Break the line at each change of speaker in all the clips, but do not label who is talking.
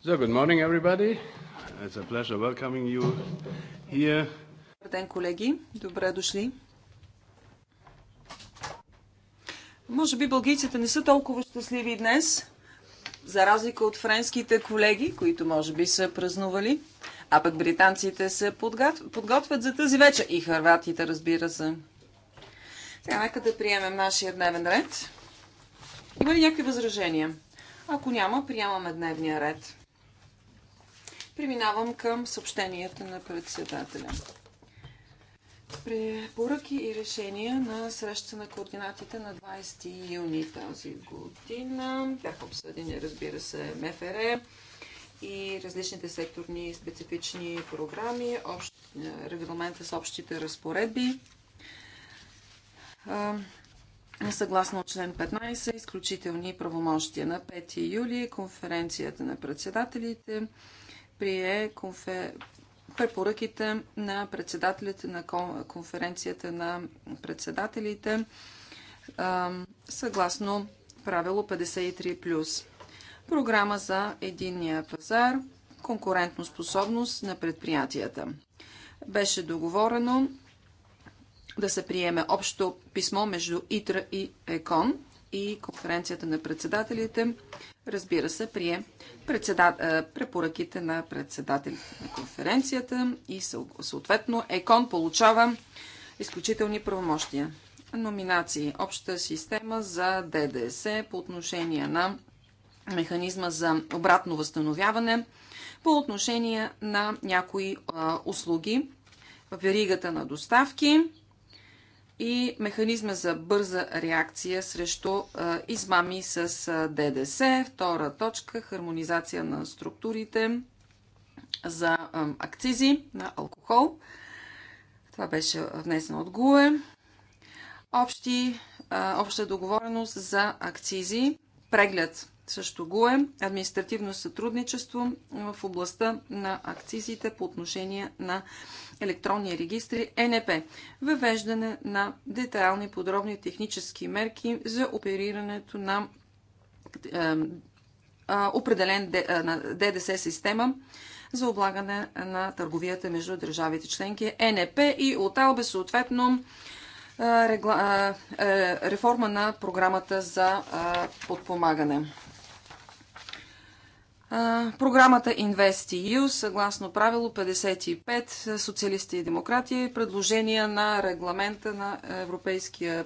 So, good morning, everybody.
It's a pleasure welcoming you here.
Добър ден, колеги. Добре дошли. Може би бългийците не са толкова щастливи днес, за разлика от френските колеги, които може би са празнували, а пък британците се подготвят, подготвят за тази вечер и харватите, разбира се. Сега нека да приемем нашия дневен ред. Има ли някакви възражения? Ако няма, приемаме дневния ред. Преминавам към съобщенията на председателя. Препоръки и решения на среща на координатите на 20 юни тази година. Бяха обсъдени, разбира се, МФР и различните секторни специфични програми, общ, е, регламента с общите разпоредби. Съгласно член 15, изключителни правомощия на 5 юли, конференцията на председателите прие препоръките на председателите на конференцията на председателите съгласно правило 53+. Програма за единния пазар, конкурентно способност на предприятията. Беше договорено да се приеме общо писмо между ИТРА и ЕКОН и конференцията на председателите разбира се, прие председат... препоръките на председателите на конференцията и съответно ЕКОН получава изключителни правомощия. Номинации. Обща система за ДДС по отношение на механизма за обратно възстановяване, по отношение на някои а, услуги в веригата на доставки и механизма за бърза реакция срещу измами с ДДС. Втора точка хармонизация на структурите за акцизи на алкохол. Това беше внесено от ГУЕ. Общи, обща договореност за акцизи. Преглед също го е административно сътрудничество в областта на акцизите по отношение на електронни регистри НП. Въвеждане на детайлни подробни технически мерки за оперирането на е, е, определен е, ДДС система за облагане на търговията между държавите членки НП и ОТАЛБЕ съответно реформа на програмата за подпомагане. Програмата InvestEU, съгласно правило 55, социалисти и демократи, предложения на регламента на Европейския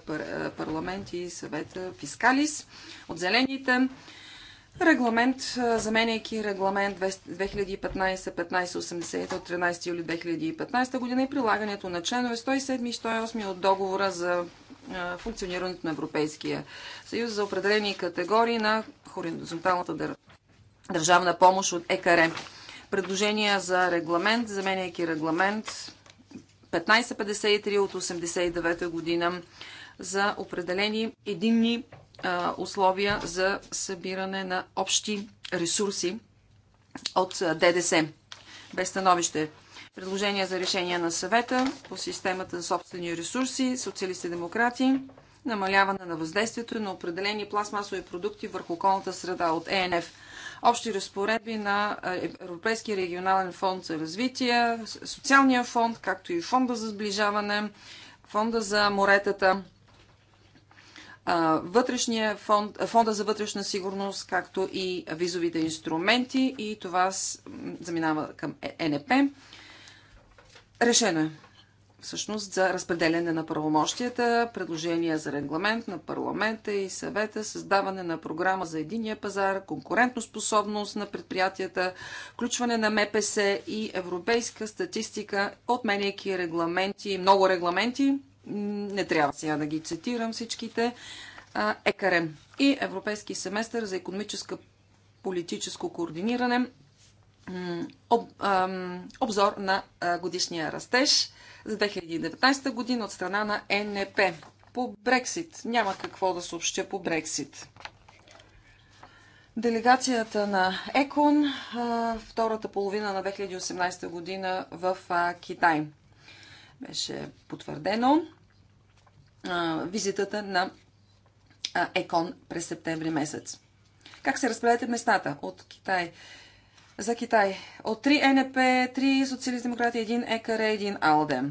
парламент и съвета Фискалис от зелените. Регламент, заменяйки регламент 2015 1580 от 13 юли 2015 година и прилагането на членове 107 и 108 от договора за функционирането на Европейския съюз за определени категории на хоризонталната държава държавна помощ от ЕКР. Предложения за регламент, заменяйки регламент 1553 от 1989 година за определени единни а, условия за събиране на общи ресурси от ДДС. Без становище. Предложение за решение на съвета по системата за собствени ресурси, социалисти демократи, намаляване на въздействието на определени пластмасови продукти върху околната среда от ЕНФ – общи разпоредби на Европейския регионален фонд за развитие, социалния фонд, както и фонда за сближаване, фонда за моретата, вътрешния фонд, фонда за вътрешна сигурност, както и визовите инструменти и това заминава към ЕНП. Е Решено е всъщност за разпределяне на правомощията, предложения за регламент на парламента и съвета, създаване на програма за единия пазар, конкурентоспособност на предприятията, включване на МПС и европейска статистика, отменяйки регламенти, много регламенти, не трябва сега да ги цитирам всичките, ЕКАРЕМ и Европейски семестър за економическа политическо координиране, об, обзор на годишния растеж – за 2019 година от страна на НП. По Брексит. Няма какво да съобщя по Брексит. Делегацията на ЕКОН втората половина на 2018 година в Китай. Беше потвърдено визитата на ЕКОН през септември месец. Как се разпределят местата от Китай? за Китай. От 3 НП, 3 социалист демократи, 1 ЕКР, 1 АЛДЕ.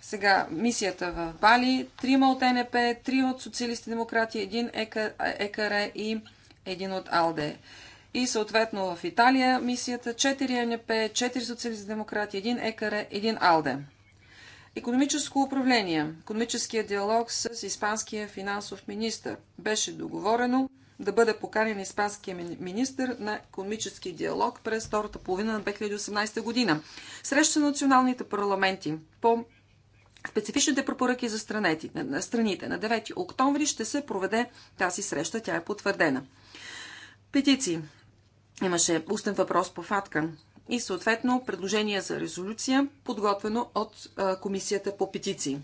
Сега, мисията в Бали, 3 от НП, 3 от социалисти демократи, 1 ЕКР е и 1 от АЛДЕ. И съответно в Италия мисията 4 НП, 4 социалисти демократи, 1 ЕКР, 1 АЛДЕ. Економическо управление. Економическия диалог с испанския финансов министр беше договорено да бъде поканен испанския министр на економически диалог през втората половина на 2018 година. Среща на националните парламенти по специфичните препоръки за страните. На страните на 9 октомври ще се проведе тази среща. Тя е потвърдена. Петиции. Имаше устен въпрос по ФАТКА и съответно предложение за резолюция, подготвено от Комисията по петиции.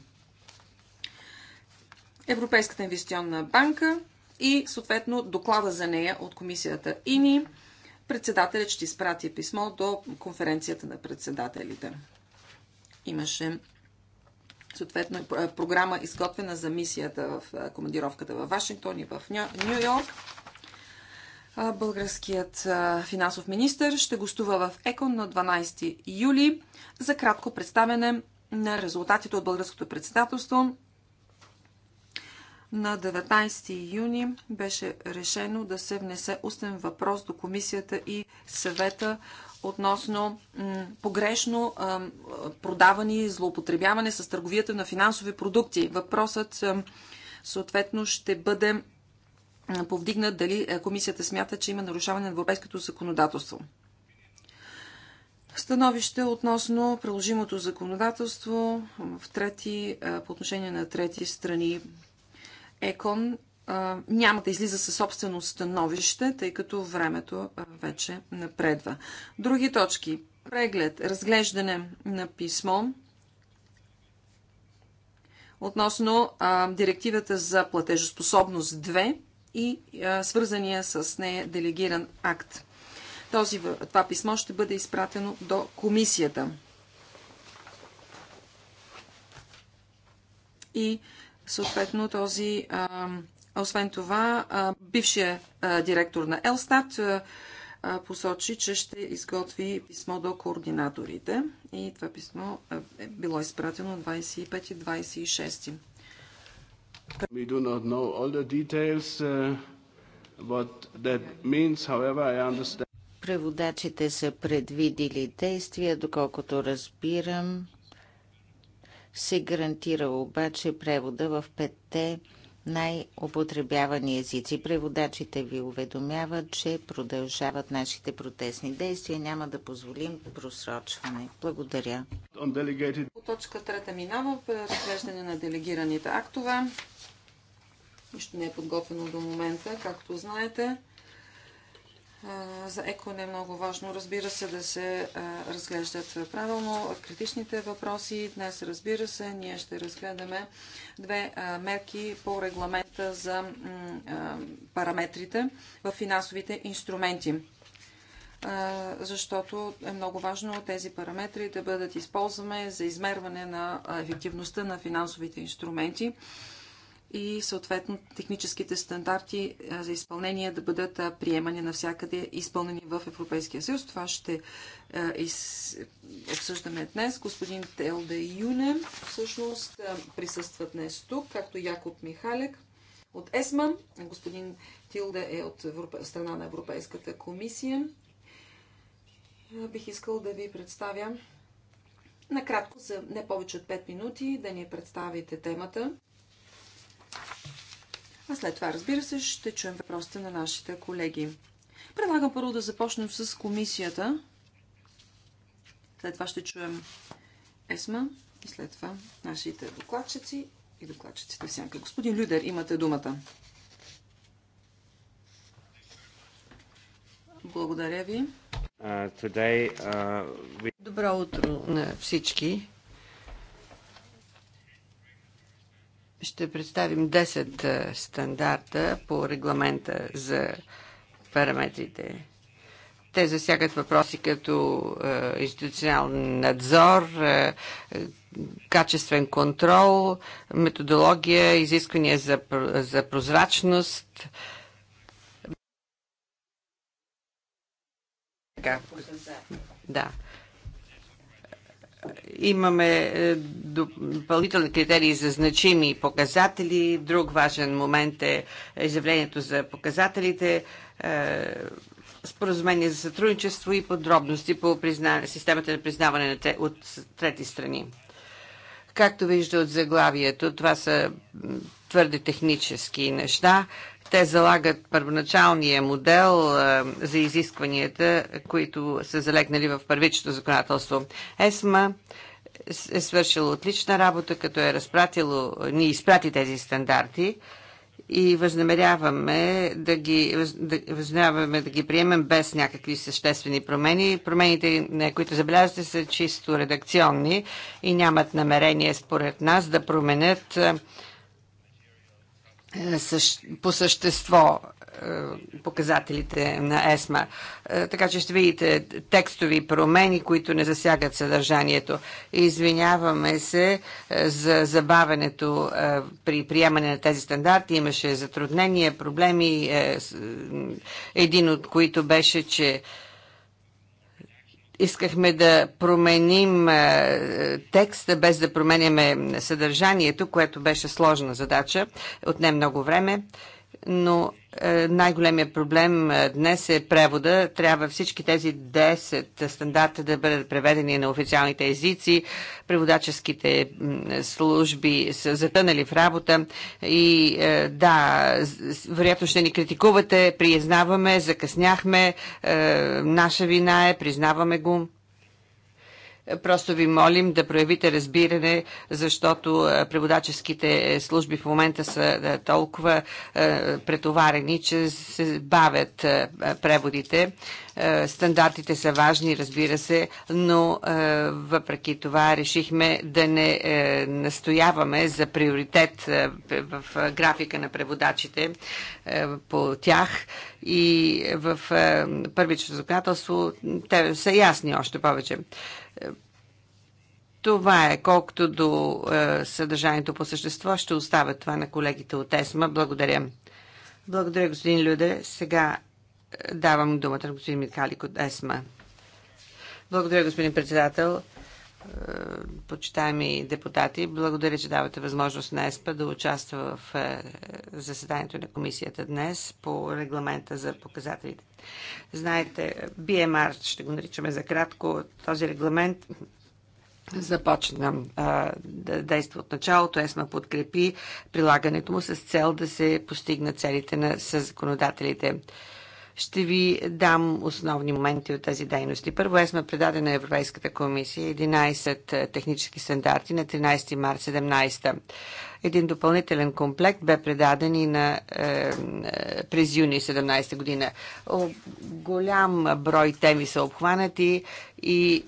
Европейската инвестиционна банка и съответно доклада за нея от комисията ИНИ. Председателят ще изпрати писмо до конференцията на председателите. Имаше съответно е, програма изготвена за мисията в е, командировката в Вашингтон и в Нью Йорк. Българският финансов министр ще гостува в ЕКОН на 12 юли за кратко представяне на резултатите от българското председателство на 19 юни беше решено да се внесе устен въпрос до комисията и съвета относно погрешно продаване и злоупотребяване с търговията на финансови продукти. Въпросът съответно ще бъде повдигнат дали е, комисията смята, че има нарушаване на европейското законодателство. Становище относно приложимото законодателство в трети, по отношение на трети страни Екон а, няма да излиза със собствено становище, тъй като времето вече напредва. Други точки. Преглед, разглеждане на писмо относно а, директивата за платежоспособност 2 и а, свързания с нея делегиран акт. Този, това писмо ще бъде изпратено до комисията. И Съответно, този, а, освен това, а, бившия а, директор на Елстат посочи, че ще изготви писмо до координаторите и това писмо е било изпратено 25 и 26.
We do not know all the details, uh, what that means. However, I understand. Преводачите са предвидили действия, доколкото разбирам се гарантира обаче превода в петте най-употребявани езици. Преводачите ви уведомяват, че продължават нашите протестни действия. Няма да позволим просрочване. Благодаря.
По точка трета минава разглеждане на делегираните актове. Нищо не е подготвено до момента, както знаете. За ЕКОН е много важно, разбира се, да се разглеждат правилно критичните въпроси. Днес, разбира се, ние ще разгледаме две мерки по регламента за параметрите в финансовите инструменти защото е много важно тези параметри да бъдат използвани за измерване на ефективността на финансовите инструменти и съответно техническите стандарти за изпълнение да бъдат приемани навсякъде, изпълнени в Европейския съюз. Това ще обсъждаме днес. Господин Телда Юне всъщност присъства днес тук, както Якоб Михалек от ЕСМА. Господин Тилда е от страна на Европейската комисия. Бих искал да ви представя накратко за не повече от 5 минути да ни представите темата а след това, разбира се, ще чуем въпросите на нашите колеги. Предлагам първо да започнем с комисията. След това ще чуем ЕСМА и след това нашите докладчици и докладчиците всяка. Господин Людер, имате думата. Благодаря ви.
Uh, uh, Добро утро на всички. ще представим 10 е, стандарта по регламента за параметрите. Те засягат въпроси като е, институционален надзор, е, качествен контрол, методология, изисквания за, за прозрачност. Така. Да имаме е, допълнителни критерии за значими показатели. Друг важен момент е, е изявлението за показателите, е, споразумение за сътрудничество и подробности по призна... системата на признаване на те... от трети страни. Както вижда от заглавието, това са твърде технически неща. Те залагат първоначалния модел за изискванията, които са залегнали в първичното законодателство. ЕСМА е свършила отлична работа, като е разпратило, ни изпрати тези стандарти и възнамеряваме да ги, да, възнамеряваме да ги приемем без някакви съществени промени. Промените, които забелязвате, са чисто редакционни и нямат намерение, според нас, да променят е, по същество е, показателите на ЕСМА. Е, така че ще видите текстови промени, които не засягат съдържанието. Извиняваме се за забавенето при приемане на тези стандарти. Имаше затруднения, проблеми, един от които беше, че искахме да променим е, текста, без да променяме съдържанието, което беше сложна задача, отне много време но е, най-големия проблем е, днес е превода. Трябва всички тези 10 стандарта да бъдат преведени на официалните езици. Преводаческите служби са затънали в работа и е, да, вероятно ще ни критикувате. Признаваме, закъсняхме. Наша вина е, признаваме го. Просто ви молим да проявите разбиране, защото е, преводаческите служби в момента са е, толкова е, претоварени, че се бавят преводите. Е, стандартите са важни, разбира се, но е, въпреки това решихме да не е, настояваме за приоритет в графика на преводачите по тях и в първичното законодателство те са ясни още повече. Това е. Колкото до съдържанието по същество, ще оставя това на колегите от ЕСМА. Благодаря. Благодаря, господин Люде. Сега Давам думата на господин Михалик от ЕСМА. Благодаря, господин председател. Е, почитаеми депутати, благодаря, че давате възможност на ЕСПА да участва в е, заседанието на комисията днес по регламента за показателите. Знаете, BMR, ще го наричаме за кратко, този регламент започна а, е, да действа от началото. ЕСМА подкрепи прилагането му с цел да се постигнат целите на, законодателите. Ще ви дам основни моменти от тези дейности. Първо ЕСМА предаде на Европейската комисия 11 е, технически стандарти на 13 март 17 един допълнителен комплект бе предаден и на, е, е през юни 17 година. О, голям брой теми са обхванати и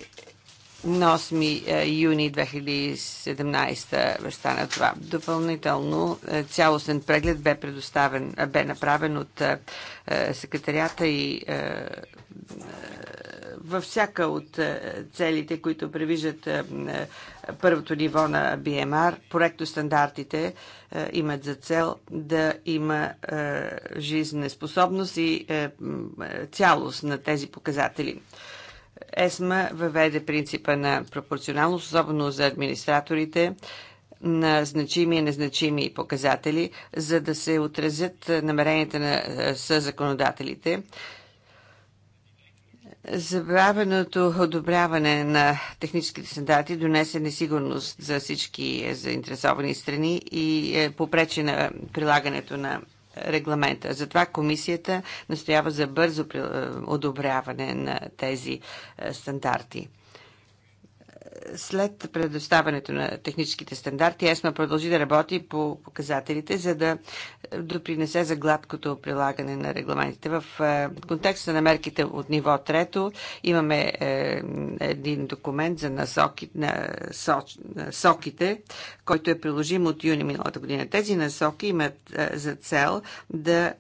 на 8 е, юни 2017 стана това. Допълнително е, цялостен преглед бе, предоставен, е, бе направен от секретарията и във всяка от целите, които превиждат първото ниво на BMR, проектостандартите имат за цел да има жизнеспособност и цялост на тези показатели. ЕСМА въведе принципа на пропорционалност, особено за администраторите, на значими и незначими показатели, за да се отразят намеренията на е, съзаконодателите. Забравеното одобряване на техническите стандарти донесе несигурност за всички е, заинтересовани страни и е, попречи на прилагането на регламента. Затова комисията настоява за бързо е, одобряване на тези е, стандарти след предоставянето на техническите стандарти, ЕСМА продължи да работи по показателите, за да допринесе за гладкото прилагане на регламентите. В е, контекста на мерките от ниво трето имаме е, един документ за насоки, на соките, който е приложим от юни миналата година. Тези насоки имат е, за цел да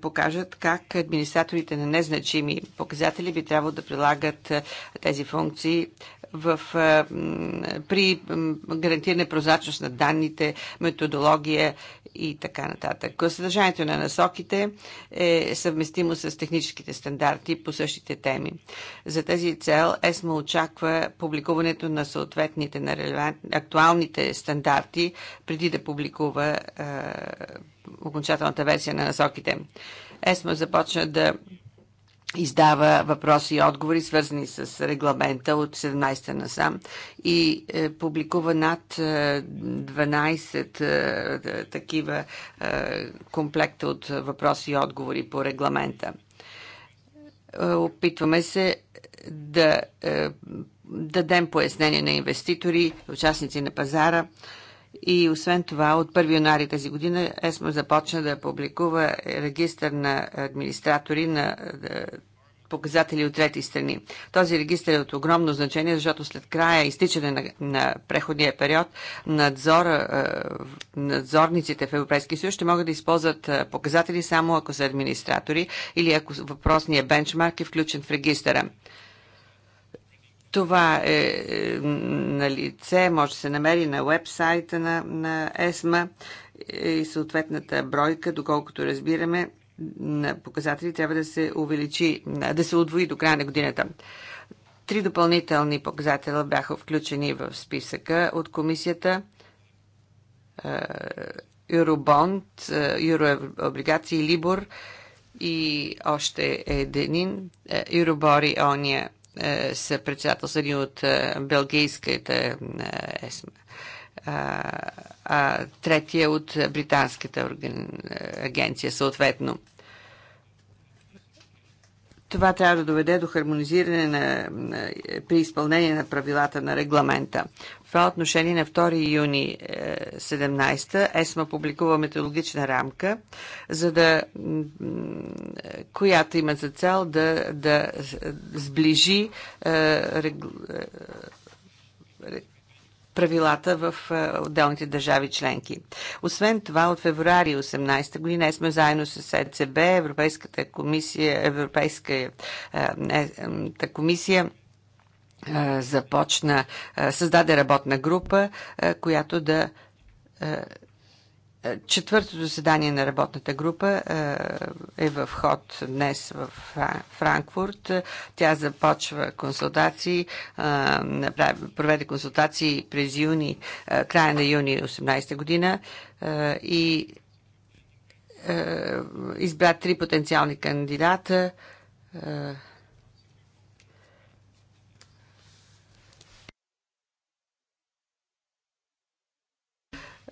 покажат как администраторите на незначими показатели би трябвало да прилагат тези функции в, е, при гарантиране прозрачност на данните, методология и така нататък. Съдържанието на насоките е съвместимо с техническите стандарти по същите теми. За тази цел ЕСМА очаква публикуването на съответните на релевант, актуалните стандарти преди да публикува а, е, окончателната версия на насоките. ЕСМА започна да издава въпроси и отговори, свързани с регламента от 17-та насам и е, публикува над е, 12 е, такива е, комплекта от въпроси и отговори по регламента. Е, опитваме се да е, дадем пояснение на инвеститори, участници на пазара и освен това, от 1 януари тази година ЕСМА започна да публикува регистър на администратори на е, показатели от трети страни. Този регистр е от огромно значение, защото след края изтичане на, на преходния период надзора, е, надзорниците в Европейския съюз ще могат да използват е, показатели само ако са администратори или ако въпросният бенчмарк е включен в регистъра. Това е, е на лице, може да се намери на вебсайта на, на ЕСМА и съответната бройка, доколкото разбираме, на показатели трябва да се увеличи, да се удвои до края на годината. Три допълнителни показателя бяха включени в списъка от комисията. Юробонд, Юрооблигации Либор и още един Юробори, ония е, са председателствани от е, белгийската ЕСМА, е, а третия от британската агенция съответно. Това трябва да доведе до хармонизиране на, на, при изпълнение на правилата на регламента. В това отношение на 2 юни 17 е, ЕСМА публикува метеорологична рамка, за да, която има за цел да, да сближи е, е, правилата в е, отделните държави членки. Освен това, от февруари 18 година сме заедно с ЕЦБ, Европейската комисия, Европейската е, е, комисия започна, създаде работна група, която да Четвъртото заседание на работната група е, е в ход днес в Франкфурт. Тя започва консултации, е, проведе консултации през юни, е, края на юни 18 година и избра три потенциални кандидата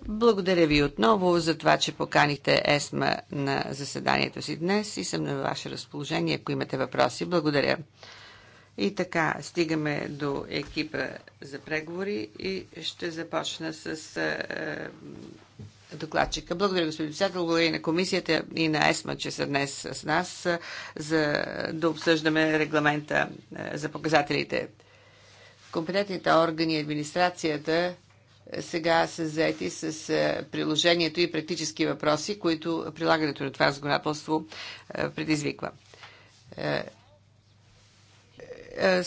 Благодаря ви отново за това, че поканихте ЕСМА на заседанието си днес и съм на ваше разположение, ако имате въпроси. Благодаря. И така, стигаме до екипа за преговори и ще започна с е, е докладчика. Благодаря, господин председател, благодаря и на комисията и на ЕСМА, че са днес с нас, е, за да обсъждаме регламента е, за показателите. Компетентните органи и администрацията сега са заети с приложението и практически въпроси, които прилагането на това законодателство предизвиква е, е,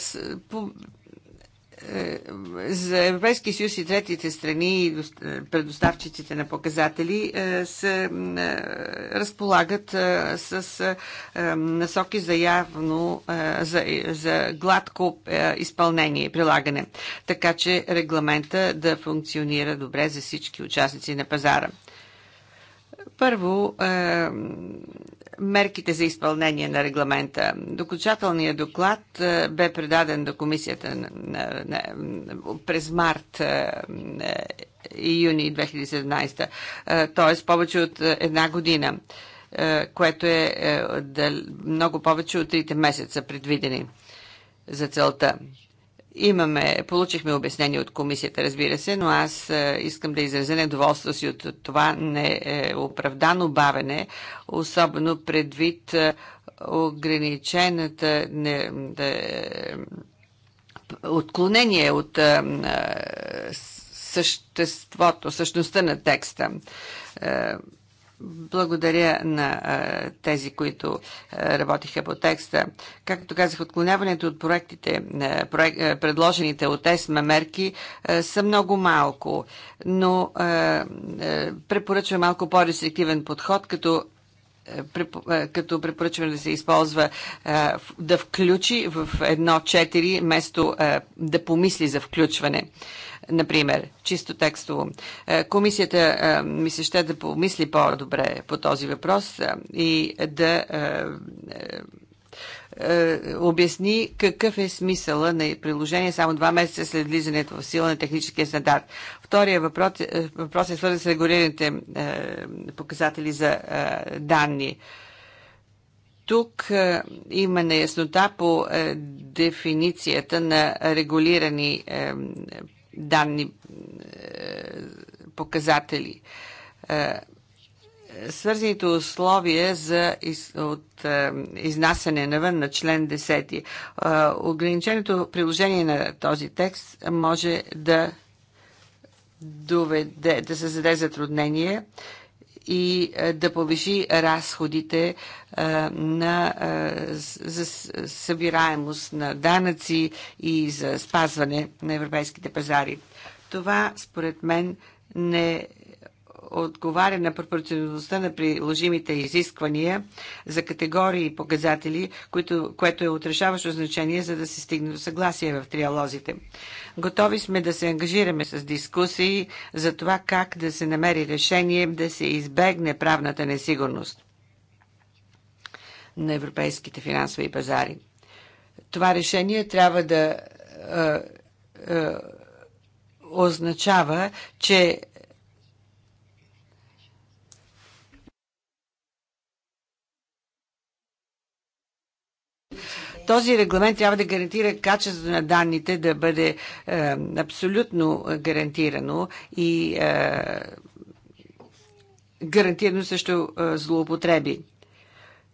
за Европейския съюз и третите страни и е, предоставчиците на показатели се е, разполагат е, с насоки за явно, за, за гладко изпълнение и прилагане, така че регламента да функционира добре за всички участници на пазара. Първо, мерките за изпълнение на регламента. Докучателният доклад е, бе предаден до комисията през март е, е, и юни 2017, т.е. повече от една година, което е много повече от трите месеца предвидени за целта. Имаме, получихме обяснение от комисията, разбира се, но аз е, искам да изразя недоволството си от това неоправдано бавене, особено предвид е, ограничената не, да, е, отклонение от съществото, същността на текста. Благодаря на а, тези, които а, работиха по текста. Както казах, отклоняването от проектите, а, проект, а, предложените от ЕСМА мерки а, са много малко, но а, а, препоръчва малко по-рестриктивен подход, като като препоръчваме да се използва да включи в едно 4 вместо да помисли за включване например, чисто текстово. Е, комисията е, ми се ще да помисли по-добре по този въпрос е, и да обясни какъв е смисъла на приложение само два месеца след влизането в сила на техническия стандарт. Втория въпрос, въпрос е свързан с регулираните показатели за данни. Тук има неяснота по дефиницията на регулирани данни е, показатели. Е, свързаните условия за из, от е, изнасяне навън на член 10. Е, ограниченото приложение на този текст може да доведе, да създаде затруднение и е, да повиши разходите е, на, е, за събираемост на данъци и за спазване на европейските пазари. Това, според мен, не отговаря на пропорционалността на приложимите изисквания за категории и показатели, което, което е отрешаващо значение, за да се стигне до съгласие в триалозите. Готови сме да се ангажираме с дискусии за това как да се намери решение да се избегне правната несигурност на европейските финансови пазари. Това решение трябва да е, е, означава, че Този регламент трябва да гарантира качеството на данните да бъде е, абсолютно гарантирано и е, гарантирано също е, злоупотреби.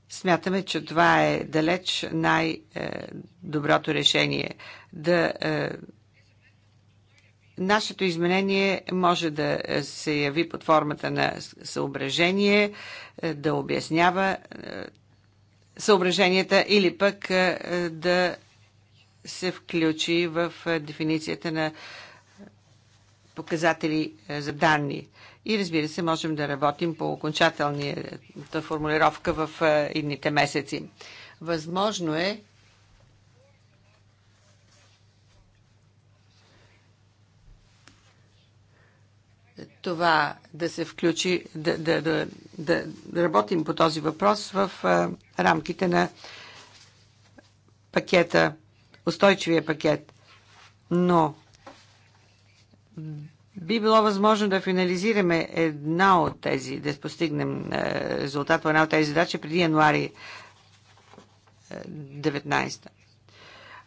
Смятаме, че това е далеч най-доброто решение. Да, е, нашето изменение може да се яви под формата на съображение, е, да обяснява е, съображенията или пък е, е, да се включи в е, дефиницията на показатели за данни. И разбира се, можем да работим по окончателната формулировка в едните месеци. Възможно е това да се включи, да, да, да, да работим по този въпрос в рамките на пакета, устойчивия пакет. Но би било възможно да финализираме една от тези, да постигнем е, резултат по една от тези задачи преди януари 19. Е,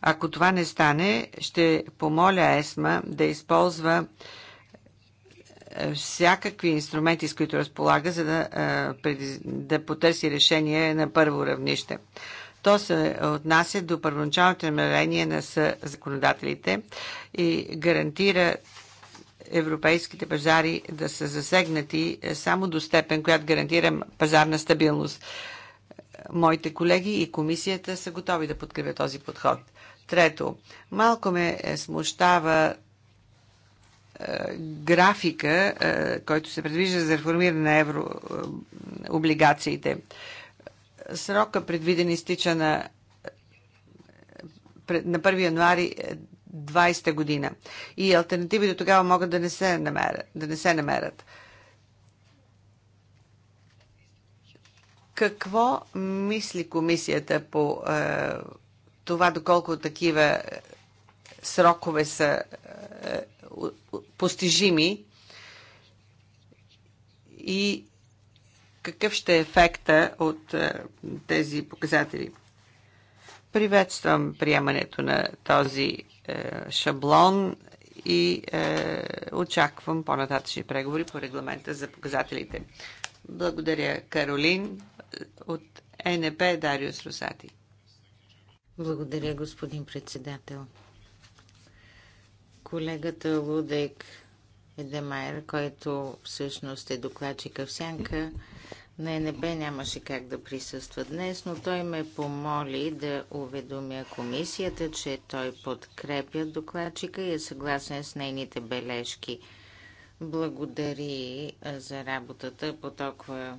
Ако това не стане, ще помоля ЕСМА да използва всякакви инструменти, с които разполага, за да, да потърси решение на първо равнище. То се отнася до първоначалното намерение на законодателите и гарантира европейските пазари да са засегнати само до степен, която гарантира пазарна стабилност. Моите колеги и комисията са готови да подкрепят този подход. Трето, малко ме смущава графика, е, който се предвижда за реформиране на еврооблигациите. Е, Срока предвиден изтича на, е, на 1 януари 20-та година. И альтернативи до тогава могат да не се намерят. Да не се намерят. Какво мисли комисията по е, това, доколко такива срокове са е, постижими и какъв ще е ефекта от е, тези показатели. Приветствам приемането на този е, шаблон и е, очаквам по-нататъчни преговори по регламента за показателите. Благодаря, Каролин. От
НП Дариус Русати. Благодаря, господин председател. Колегата Лудек Едемайер, който всъщност е докладчика в Сянка, на НБ нямаше как да присъства днес, но той ме помоли да уведомя комисията, че той подкрепя докладчика и е съгласен с нейните бележки. Благодари за работата по толкова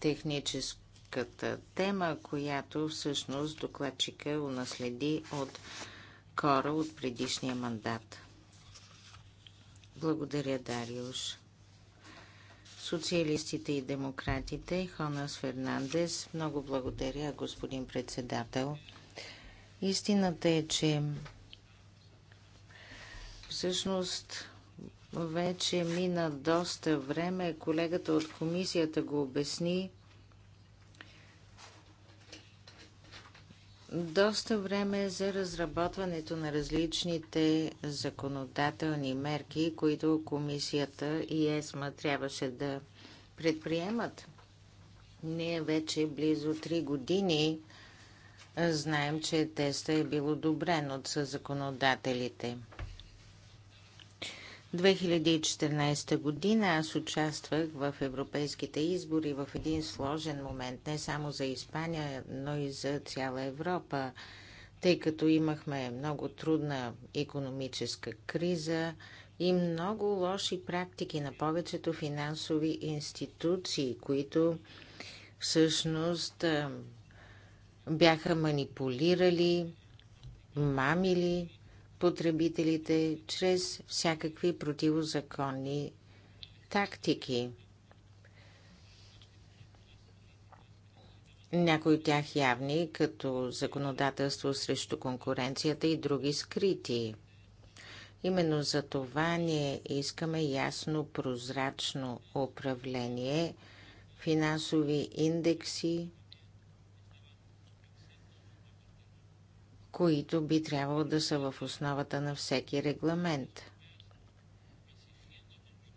техническата тема, която всъщност докладчика унаследи от кора от предишния мандат. Благодаря, Дариуш. Социалистите и демократите, Хонас Фернандес, много благодаря, господин председател. Истината е, че всъщност вече мина доста време. Колегата от комисията го обясни. доста време за разработването на различните законодателни мерки, които комисията и ЕСМА трябваше да предприемат. Ние вече близо 3 години знаем, че теста е бил одобрен от законодателите. 2014 година аз участвах в европейските избори в един сложен момент, не само за Испания, но и за цяла Европа, тъй като имахме много трудна економическа криза и много лоши практики на повечето финансови институции, които всъщност бяха манипулирали, мамили потребителите чрез всякакви противозаконни тактики. Някои от тях явни, като законодателство срещу конкуренцията и други скрити. Именно за това ние искаме ясно, прозрачно управление, финансови индекси, които би трябвало да са в основата на всеки регламент.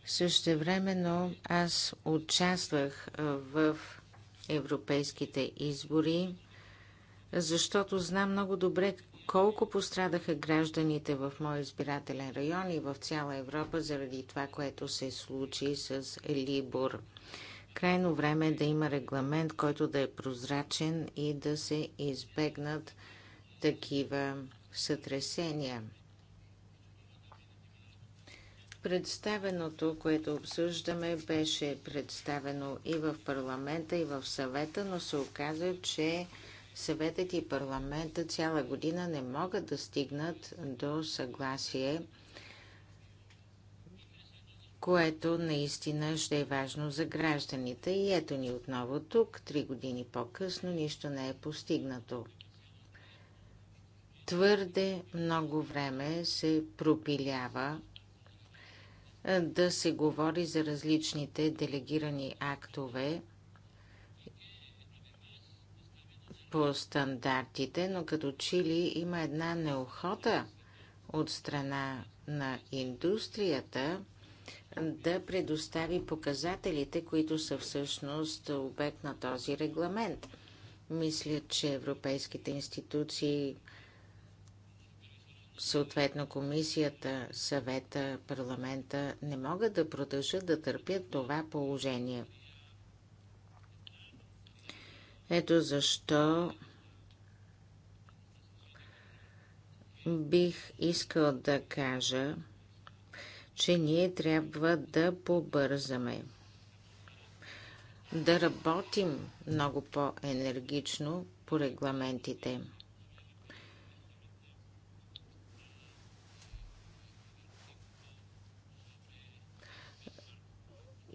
Същевременно аз участвах в европейските избори, защото знам много добре колко пострадаха гражданите в мой избирателен район и в цяла Европа заради това, което се случи с Либор. Крайно време е да има регламент, който да е прозрачен и да се избегнат такива сътресения. Представеното, което обсъждаме, беше представено и в парламента, и в съвета, но се оказа, че съветът и парламента цяла година не могат да стигнат до съгласие, което наистина ще е важно за гражданите. И ето ни отново тук, три години по-късно, нищо не е постигнато. Твърде много време се пропилява да се говори за различните делегирани актове по стандартите, но като Чили има една неохота от страна на индустрията да предостави показателите, които са всъщност обект на този регламент. Мисля, че европейските институции Съответно комисията, съвета, парламента не могат да продължат да търпят това положение. Ето защо бих искал да кажа, че ние трябва да побързаме, да работим много по-енергично по регламентите.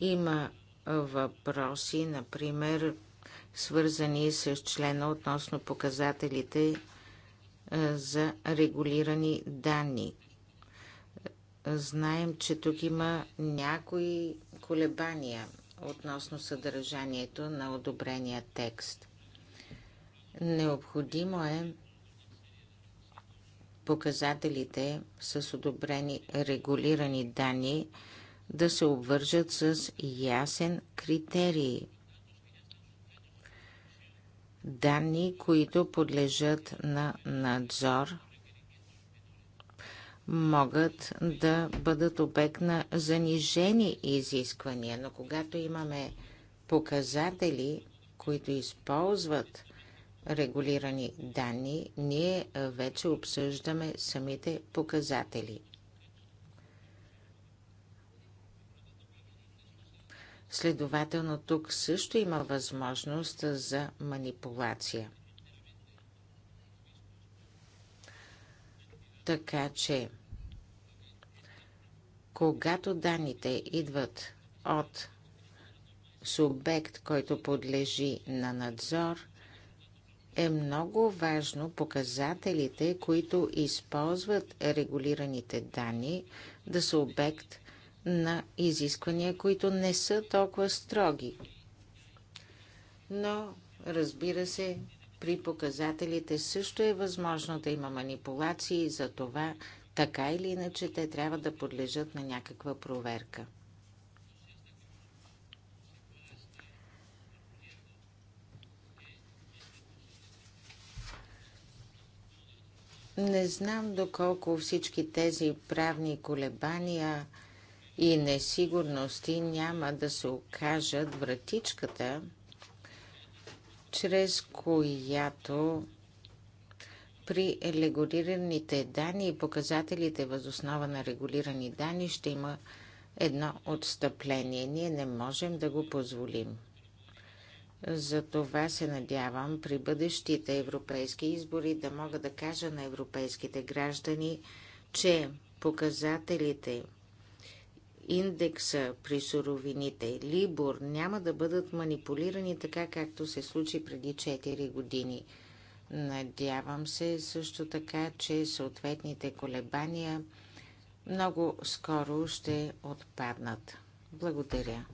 Има въпроси, например, свързани с члена относно показателите за регулирани данни. Знаем, че тук има някои колебания относно съдържанието на одобрения текст. Необходимо е показателите с одобрени регулирани данни да се обвържат с ясен критерий. Данни, които подлежат на надзор, могат да бъдат обект на занижени изисквания, но когато имаме показатели, които използват регулирани данни, ние вече обсъждаме самите показатели – Следователно тук също има възможност за манипулация. Така че, когато данните идват от субект, който подлежи на надзор, е много важно показателите, които използват регулираните данни, да са обект на изисквания, които не са толкова строги. Но, разбира се, при показателите също е възможно да има манипулации, за това така или иначе те трябва да подлежат на някаква проверка. Не знам доколко всички тези правни колебания – и несигурности няма да се окажат вратичката, чрез която при регулираните данни и показателите възоснова на регулирани данни ще има едно отстъпление. Ние не можем да го позволим. За това се надявам при бъдещите европейски избори да мога да кажа на европейските граждани, че показателите индекса при суровините Либор няма да бъдат манипулирани така, както се случи преди 4 години. Надявам се също така, че съответните колебания много скоро ще отпаднат. Благодаря.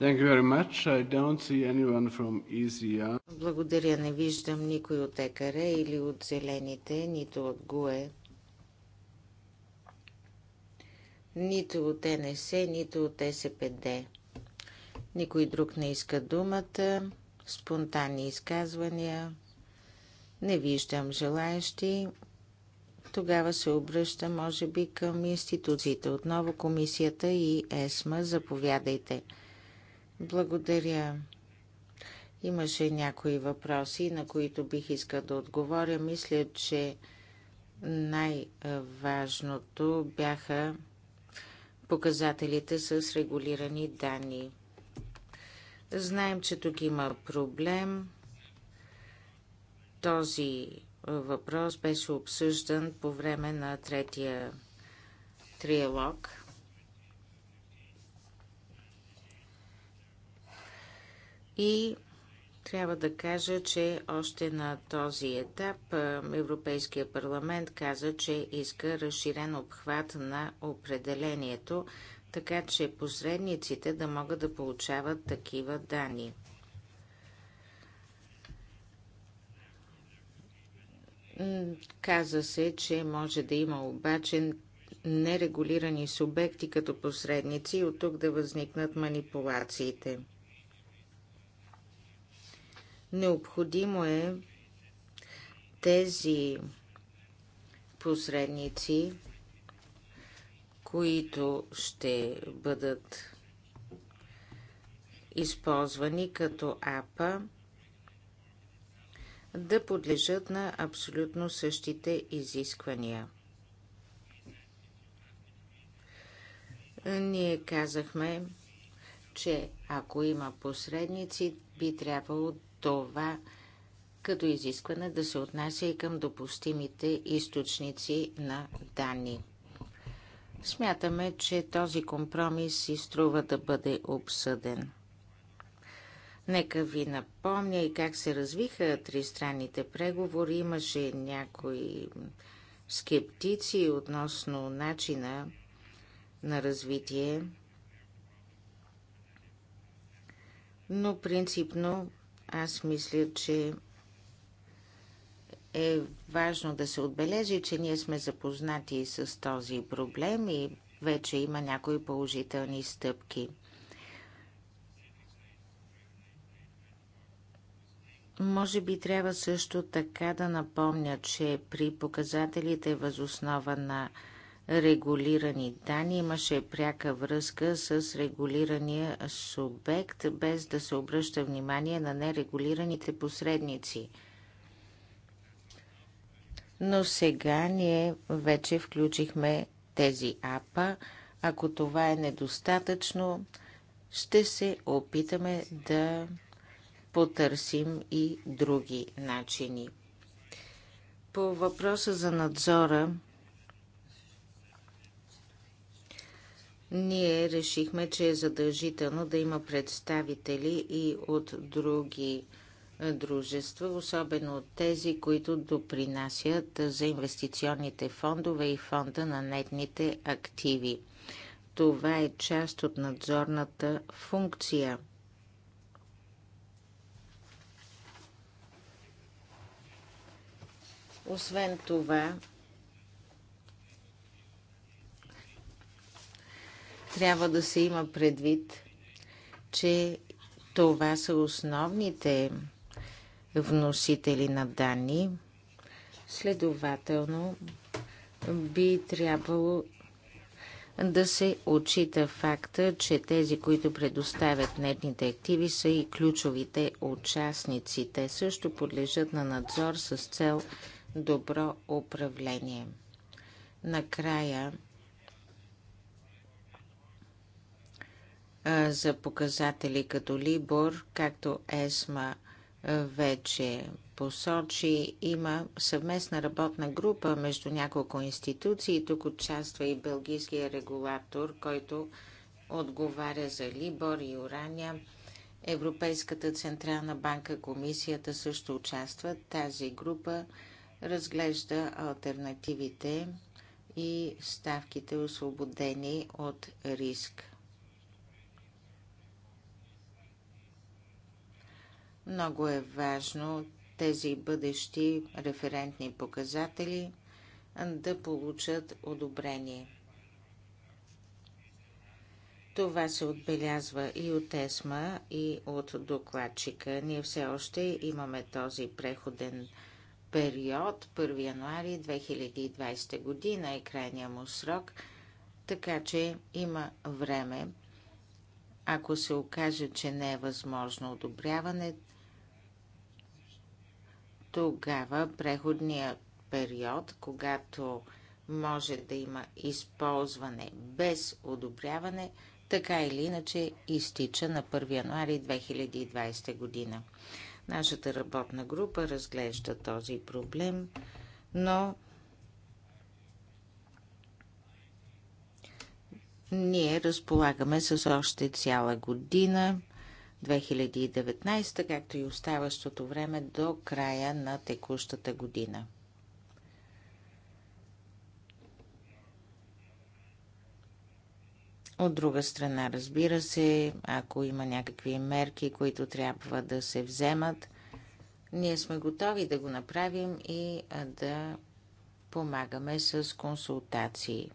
Thank you very much. I don't see anyone from ECR.
Благодаря. Не виждам никой от ЕКР или от Зелените, нито от ГУЕ. нито от НС, нито от СПД. Никой друг не иска думата. Спонтанни изказвания. Не виждам желаящи. Тогава се обръща, може би, към институциите. Отново комисията и ЕСМА. Заповядайте. Благодаря. Имаше някои въпроси, на които бих искал да отговоря. Мисля, че най-важното бяха показателите с регулирани данни. Знаем, че тук има проблем. Този въпрос беше обсъждан по време на третия триалог. И трябва да кажа, че още на този етап Европейския парламент каза, че иска разширен обхват на определението, така че посредниците да могат да получават такива данни. Каза се, че може да има обаче нерегулирани субекти като посредници и от тук да възникнат манипулациите. Необходимо е тези посредници, които ще бъдат използвани като АПА, да подлежат на абсолютно същите изисквания. Ние казахме, че ако има посредници, би трябвало това като изискване да се отнася и към допустимите източници на данни. Смятаме, че този компромис си струва да бъде обсъден. Нека ви напомня и как се развиха тристранните преговори. Имаше някои скептици относно начина на развитие, но принципно аз мисля, че е важно да се отбележи, че ние сме запознати с този проблем и вече има някои положителни стъпки. Може би трябва също така да напомня, че при показателите възоснова на регулирани данни имаше пряка връзка с регулирания субект, без да се обръща внимание на нерегулираните посредници. Но сега ние вече включихме тези АПА. Ако това е недостатъчно, ще се опитаме да потърсим и други начини. По въпроса за надзора, ние решихме, че е задължително да има представители и от други е, дружества, особено от тези, които допринасят за инвестиционните фондове и фонда на нетните активи. Това е част от надзорната функция. Освен това, трябва да се има предвид, че това са основните вносители на данни. Следователно, би трябвало да се отчита факта, че тези, които предоставят нетните активи, са и ключовите участници. Те също подлежат на надзор с цел добро управление. Накрая за показатели като Либор, както ЕСМА вече посочи. Има съвместна работна група между няколко институции. Тук участва и бългийския регулатор, който отговаря за Либор и Урания. Европейската Централна банка, комисията също участва. Тази група разглежда альтернативите и ставките освободени от риск. Много е важно тези бъдещи референтни показатели да получат одобрение. Това се отбелязва и от ЕСМА, и от докладчика. Ние все още имаме този преходен период 1 януари 2020 година е крайния му срок, така че има време ако се окаже, че не е възможно одобряване, тогава преходният период, когато може да има използване без одобряване, така или иначе изтича на 1 януари 2020 година. Нашата работна група разглежда този проблем, но Ние разполагаме с още цяла година, 2019, както и оставащото време до края на текущата година. От друга страна, разбира се, ако има някакви мерки, които трябва да се вземат, ние сме готови да го направим и да помагаме с консултации.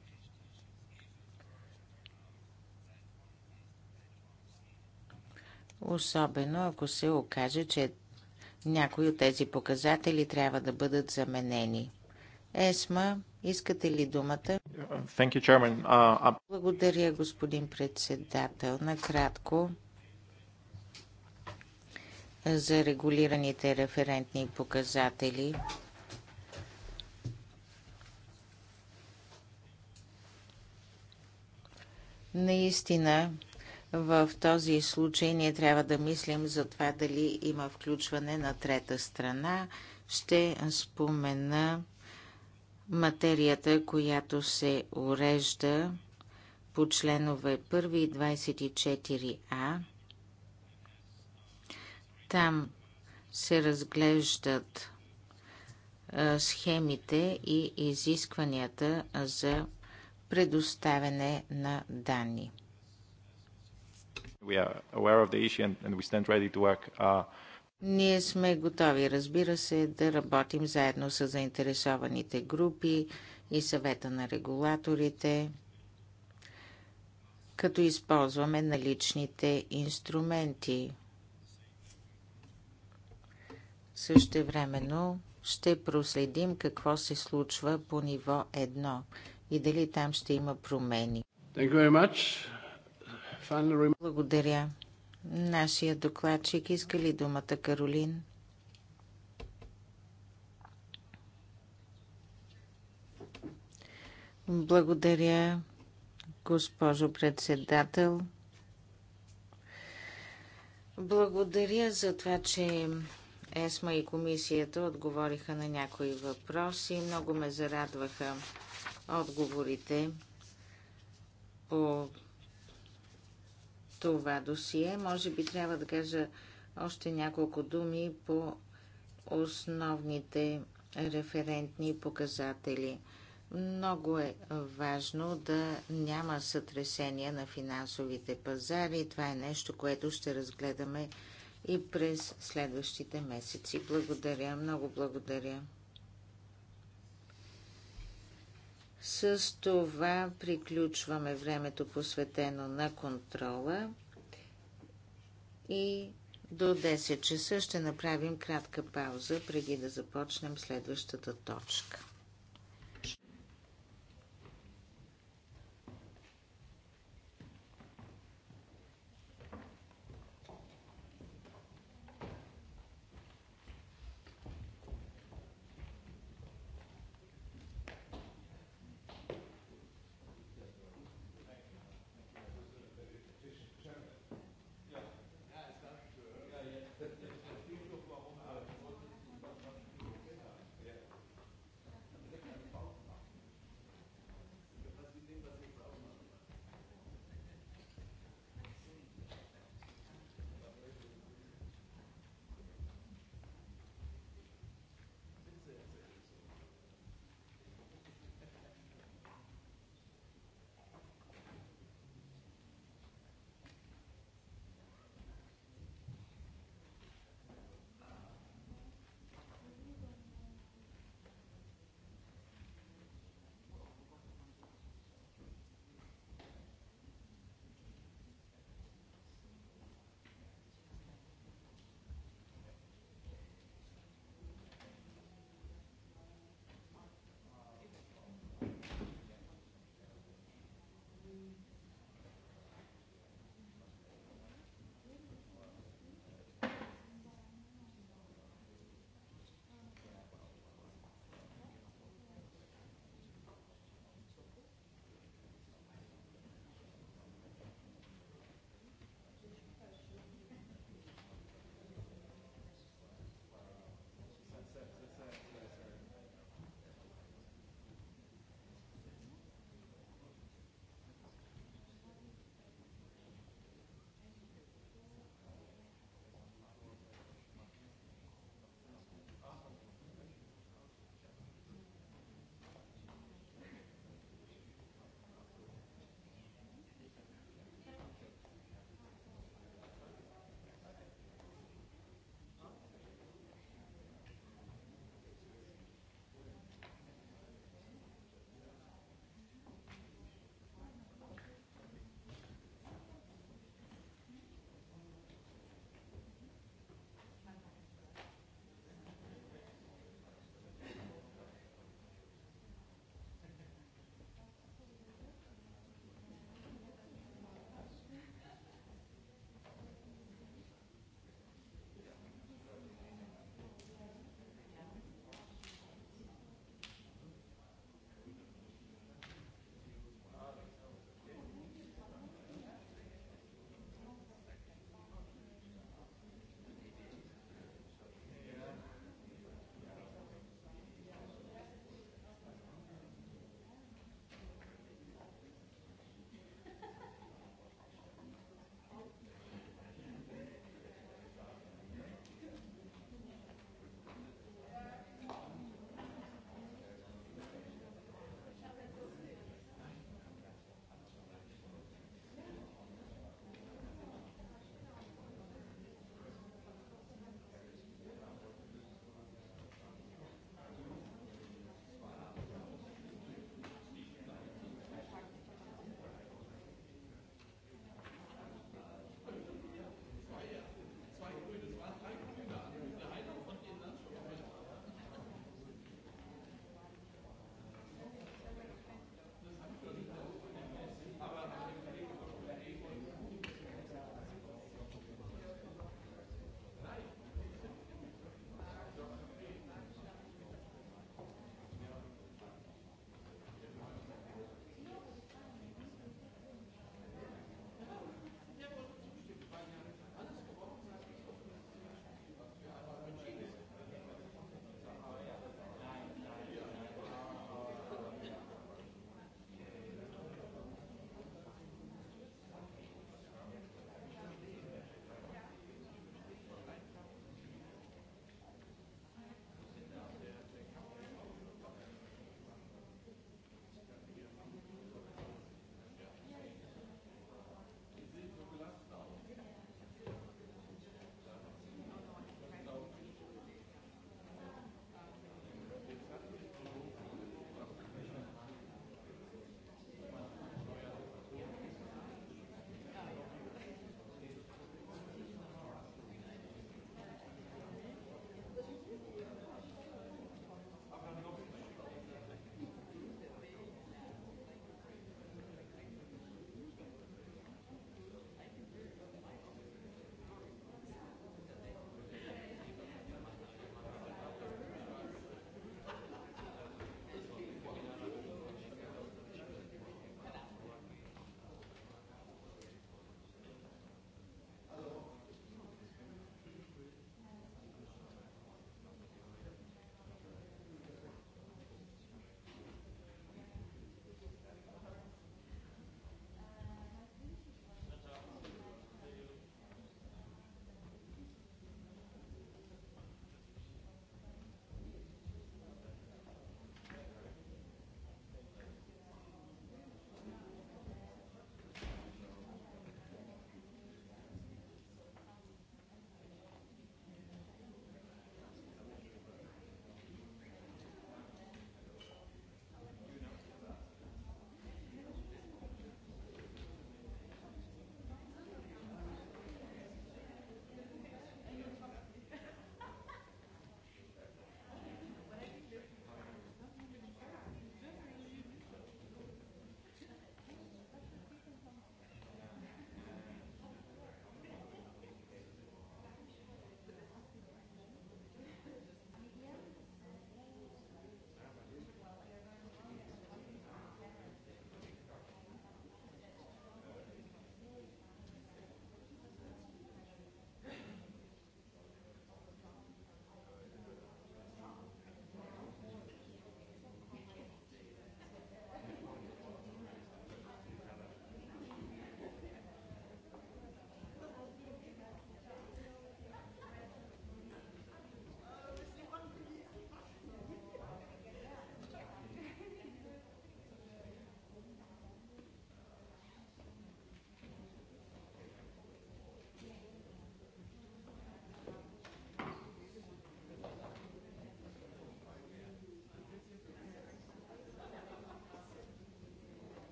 Особено ако се окаже, че някои от тези показатели трябва да бъдат заменени. Есма, искате ли думата? You, uh, uh, Благодаря, господин председател. Накратко за регулираните референтни показатели. Наистина, в този случай ние трябва да мислим за това дали има включване на трета страна. Ще спомена материята, която се урежда по членове 1 и 24а. Там се разглеждат схемите и изискванията за предоставяне на данни.
Uh,
Ние сме готови, разбира се, да работим заедно с заинтересованите групи и съвета на регулаторите, като използваме наличните инструменти. времено ще проследим какво се случва по ниво 1 и дали там ще има промени. Thank you very much. Благодаря. Нашия докладчик иска ли думата, Каролин? Благодаря, госпожо председател. Благодаря за това, че ЕСМА и комисията отговориха на някои въпроси. Много ме зарадваха отговорите по това досие. Може би трябва да кажа още няколко думи по основните референтни показатели. Много е важно да няма сътресение на финансовите пазари. Това е нещо, което ще разгледаме и през следващите месеци. Благодаря, много благодаря. С това приключваме времето посветено на контрола и до 10 часа ще направим кратка пауза преди да започнем следващата точка.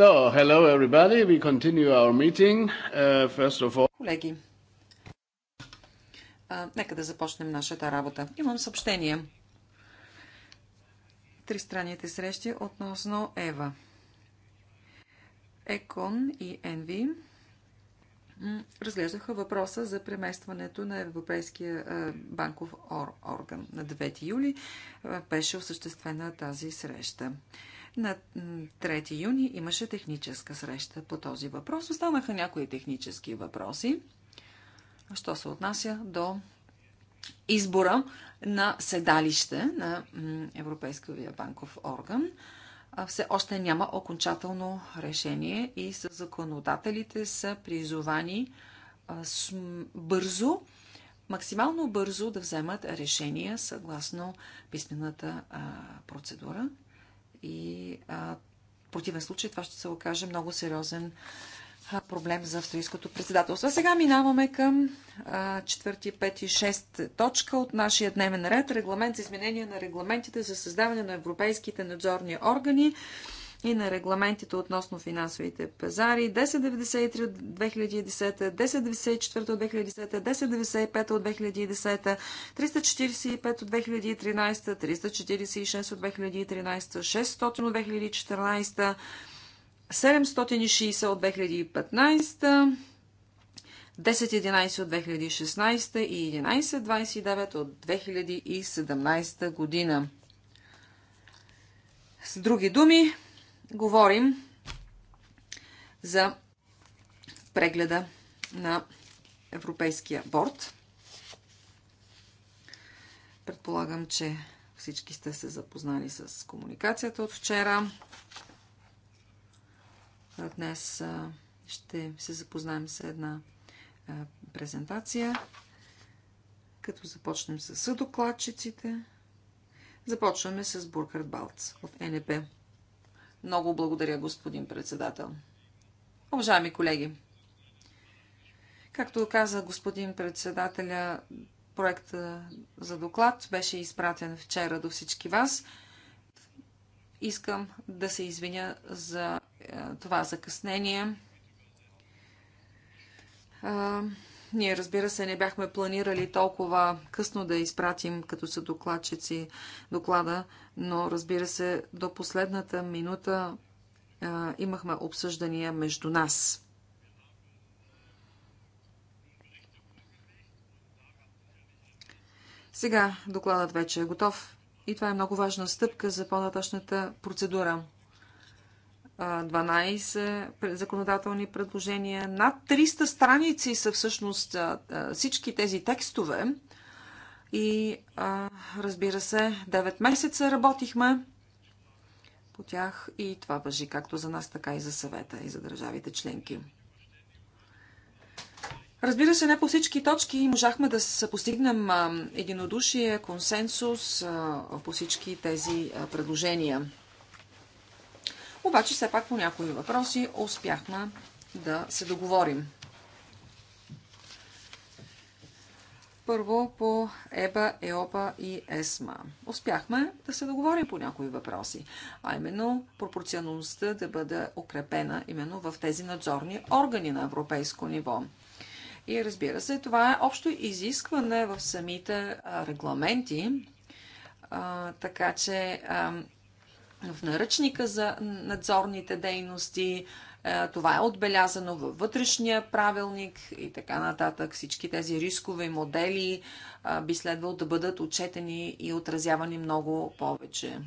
So, hello everybody. We continue our meeting. Uh, first of all... Колеги,
а, нека да започнем нашата работа. Имам съобщение. Тристранните срещи относно Ева. Екон и Енви разглеждаха въпроса за преместването на Европейския банков орган. На 9 юли беше осъществена тази среща. На 3 юни имаше техническа среща по този въпрос. Останаха някои технически въпроси, що се отнася до избора на седалище на Европейския банков орган. Все още няма окончателно решение и законодателите са призовани бързо максимално бързо да вземат решения съгласно писмената процедура и а, в противен случай това ще се окаже много сериозен проблем за австрийското председателство. А сега минаваме към а, 4, 5 и 6 точка от нашия дневен ред. Регламент за изменение на регламентите за създаване на европейските надзорни органи и на регламентите относно финансовите пазари 1093 от 2010, 1094 от 2010, 1095 от 2010, 345 от 2013, 346 от 2013, 600 от 2014, 760 от 2015, 1011 от 2016 и 11-29 от 2017 година. С други думи, говорим за прегледа на Европейския борт. Предполагам, че всички сте се запознали с комуникацията от вчера. Днес ще се запознаем с една презентация, като започнем с съдокладчиците. Започваме с Буркард Балц от НП. Много благодаря, господин председател. Уважаеми колеги, както каза господин председателя, проект за доклад беше изпратен вчера до всички вас. Искам да се извиня за е, това закъснение. Ние, разбира се, не бяхме планирали толкова късно да изпратим като са докладчици доклада, но, разбира се, до последната минута а, имахме обсъждания между нас. Сега докладът вече е готов и това е много важна стъпка за по-нататъчната процедура. 12 законодателни предложения. Над 300 страници са всъщност всички тези текстове. И разбира се, 9 месеца работихме по тях и това въжи както за нас, така и за съвета и за държавите членки. Разбира се, не по всички точки можахме да постигнем единодушие, консенсус по всички тези предложения. Обаче все пак по някои въпроси успяхме да се договорим. Първо по ЕБА, ЕОПА и ЕСМА. Успяхме да се договорим по някои въпроси, а именно пропорционалността да бъде укрепена именно в тези надзорни органи на европейско ниво. И разбира се, това е общо изискване в самите регламенти, а, така че а, в наръчника за надзорните дейности. Е, това е отбелязано във вътрешния правилник и така нататък. Всички тези рискове и модели е, би следвало да бъдат отчетени и отразявани много повече. Е,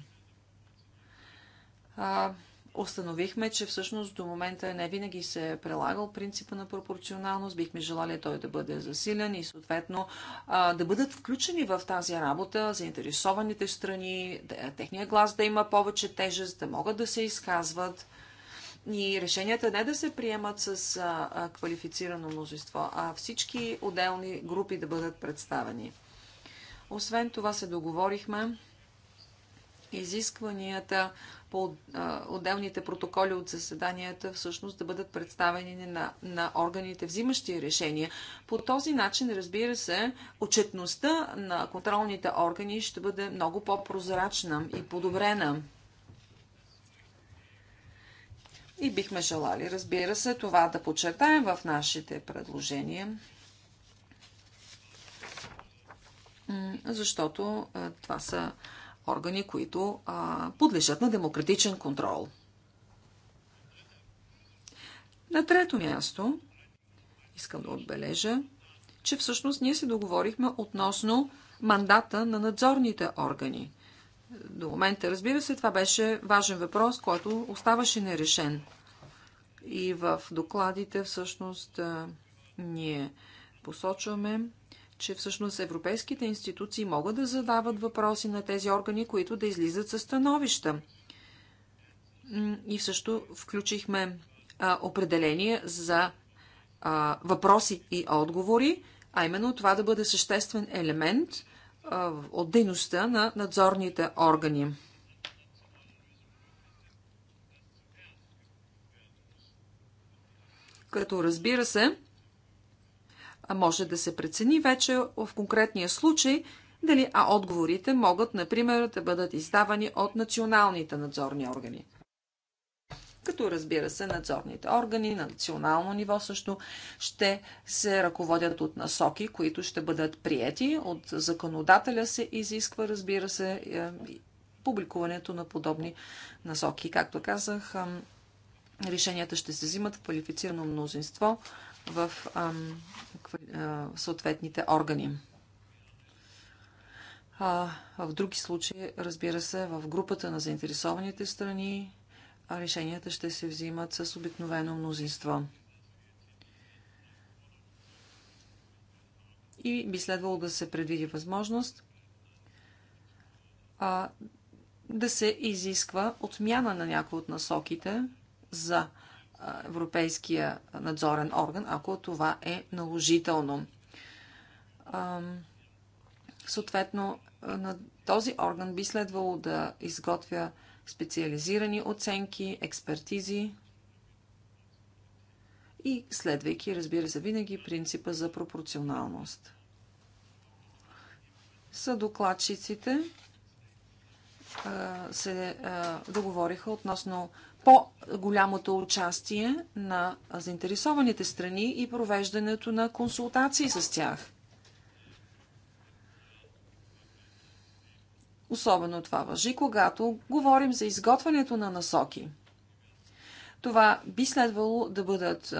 установихме, че всъщност до момента не винаги се е прилагал принципа на пропорционалност. Бихме желали той да бъде засилен и съответно да бъдат включени в тази работа заинтересованите страни, техния глас да има повече тежест, да могат да се изказват. И решенията не да се приемат с а, квалифицирано множество, а всички отделни групи да бъдат представени. Освен това се договорихме изискванията по отделните протоколи от заседанията всъщност да бъдат представени на, на органите, взимащи решения. По този начин, разбира се, отчетността на контролните органи ще бъде много по-прозрачна и подобрена. И бихме желали, разбира се, това да подчертаем в нашите предложения. Защото това са органи, които а, подлежат на демократичен контрол. На трето място искам да отбележа, че всъщност ние се договорихме относно мандата на надзорните органи. До момента, разбира се, това беше важен въпрос, който оставаше нерешен. И в докладите всъщност ние посочваме, че всъщност европейските институции могат да задават въпроси на тези органи, които да излизат със становища. И също включихме а, определение за а, въпроси и отговори, а именно това да бъде съществен елемент а, от дейността на надзорните органи. Като разбира се, а може да се прецени вече в конкретния случай дали а отговорите могат, например, да бъдат издавани от националните надзорни органи. Като разбира се, надзорните органи на национално ниво също ще се ръководят от насоки, които ще бъдат приети. От законодателя се изисква, разбира се, е, публикуването на подобни насоки. Както казах, решенията ще се взимат в квалифицирано мнозинство в ам, съответните органи. А в други случаи, разбира се, в групата на заинтересованите страни решенията ще се взимат с обикновено мнозинство. И би следвало да се предвиди възможност а, да се изисква отмяна на някои от насоките за Европейския надзорен орган, ако това е наложително. Съответно, на този орган би следвало да изготвя специализирани оценки, експертизи и следвайки, разбира се, винаги принципа за пропорционалност. Съдокладчиците се договориха относно по-голямото участие на заинтересованите страни и провеждането на консултации с тях. Особено това въжи, когато говорим за изготвянето на насоки. Това би следвало да бъдат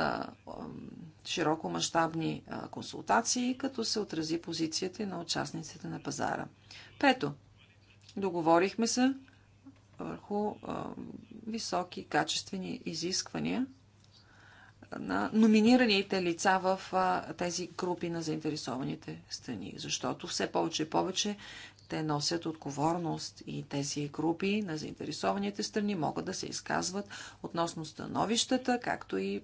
широко мащабни консултации, като се отрази позицията на участниците на пазара. Пето, договорихме се върху високи качествени изисквания на номинираните лица в тези групи на заинтересованите страни. Защото все повече и повече те носят отговорност и тези групи на заинтересованите страни могат да се изказват относно становищата, както и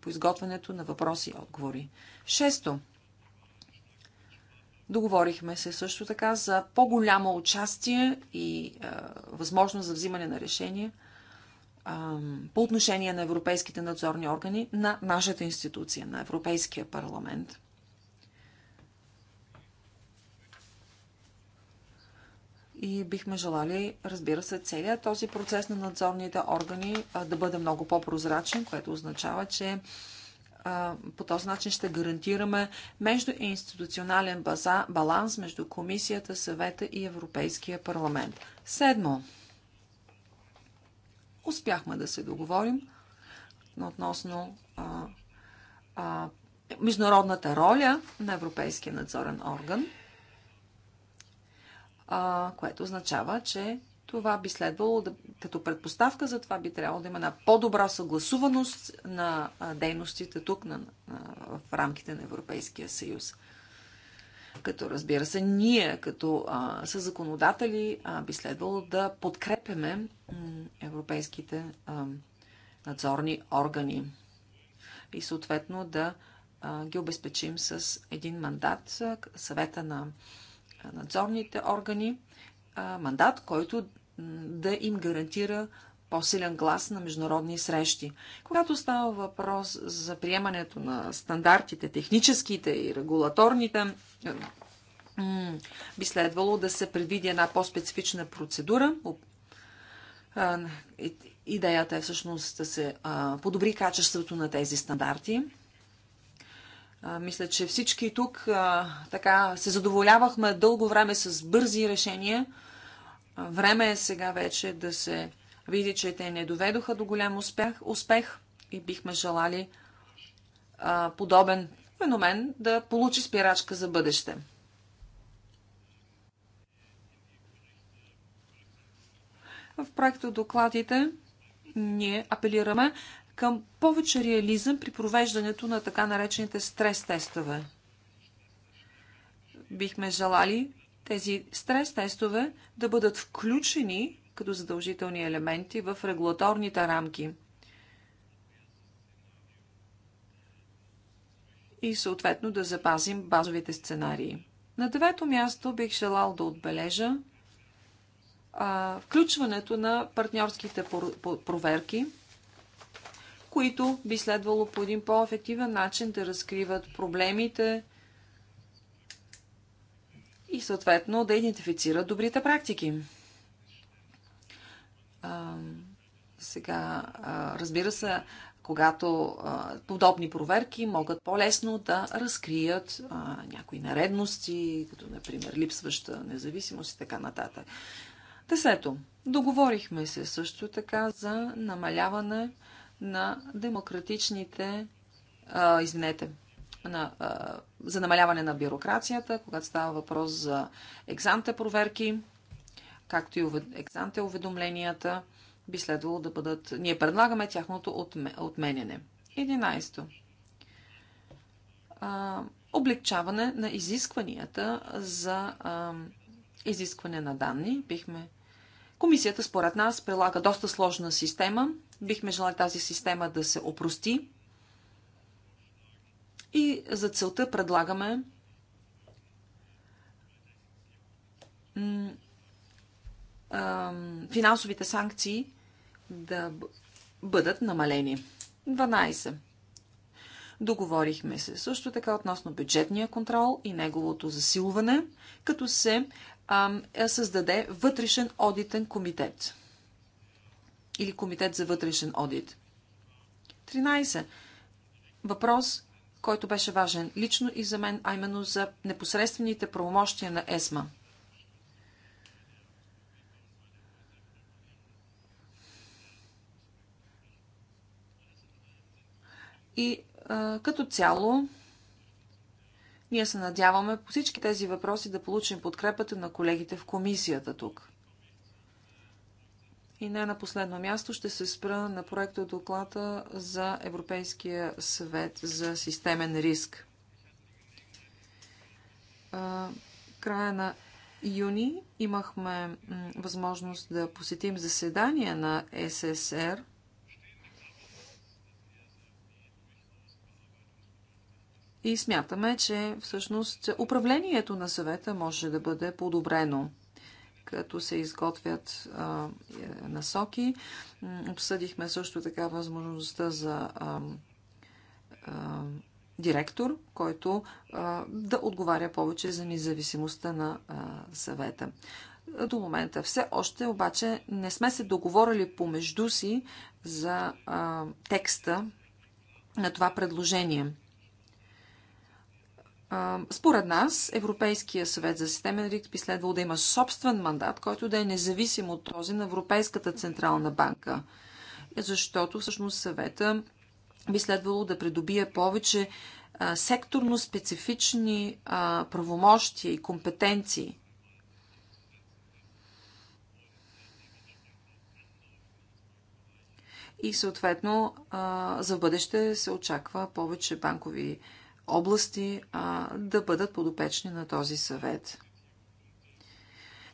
по изготвянето на въпроси и отговори. Шесто – Договорихме се също така за по-голямо участие и а, възможност за взимане на решения по отношение на европейските надзорни органи на нашата институция, на Европейския парламент. И бихме желали, разбира се, целият този процес на надзорните органи да бъде много по-прозрачен, което означава, че по този начин ще гарантираме междуинституционален баланс между Комисията, Съвета и Европейския парламент. Седмо. Успяхме да се договорим относно а, а, международната роля на Европейския надзорен орган, а, което означава, че това би следвало да, като предпоставка за това би трябвало да има една по-добра съгласуваност на дейностите тук на, на, в рамките на Европейския съюз. Като разбира се, ние като а, законодатели а, би следвало да подкрепяме европейските а, надзорни органи и съответно да а, ги обезпечим с един мандат съвета на надзорните органи мандат, който да им гарантира по-силен глас на международни срещи. Когато става въпрос за приемането на стандартите, техническите и регулаторните, би следвало да се предвиди една по-специфична процедура. Идеята е всъщност да се подобри качеството на тези стандарти. Мисля, че всички тук така се задоволявахме дълго време с бързи решения – Време е сега вече да се види, че те не доведоха до голям успех, успех и бихме желали а, подобен феномен да получи спирачка за бъдеще. В проекта докладите ние апелираме към повече реализъм при провеждането на така наречените стрес тестове. Бихме желали тези стрес тестове да бъдат включени като задължителни елементи в регулаторните рамки. И съответно да запазим базовите сценарии. На девето място бих желал да отбележа а, включването на партньорските проверки, които би следвало по един по-ефективен начин да разкриват проблемите, и съответно да идентифицират добрите практики. А, сега, а, разбира се, когато а, подобни проверки могат по-лесно да разкрият а, някои наредности, като например липсваща независимост и така нататък. Десето. Договорихме се също така за намаляване на демократичните, а, извинете, на, а, за намаляване на бюрокрацията, когато става въпрос за екзанте проверки, както и екзанте уведомленията, би следвало да бъдат... Ние предлагаме тяхното отме, отменяне. 11. А, облегчаване на изискванията за а, изискване на данни. Бихме... Комисията, според нас, прилага доста сложна система. Бихме желали тази система да се опрости и за целта предлагаме финансовите санкции да бъдат намалени. 12. Договорихме се също така относно бюджетния контрол и неговото засилване, като се а, е, създаде вътрешен одитен комитет или комитет за вътрешен одит. 13. Въпрос който беше важен лично и за мен, а именно за непосредствените правомощия на ЕСМА. И а, като цяло, ние се надяваме по всички тези въпроси да получим подкрепата на колегите в комисията тук. И не на последно място ще се спра на проекта доклада за Европейския съвет за системен риск. Края на юни имахме възможност да посетим заседание на ССР. И смятаме, че всъщност управлението на съвета може да бъде подобрено като се изготвят а, е, насоки. Обсъдихме също така възможността за а, а, директор, който а, да отговаря повече за независимостта на а, съвета. До момента все още обаче не сме се договорили помежду си за а, текста на това предложение. Според нас, Европейския съвет за системен риск би следвал да има собствен мандат, който да е независим от този на Европейската централна банка. Е, защото всъщност съвета би следвало да придобие повече секторно специфични правомощия и компетенции. И съответно за бъдеще се очаква повече банкови а, области а, да бъдат подопечни на този съвет.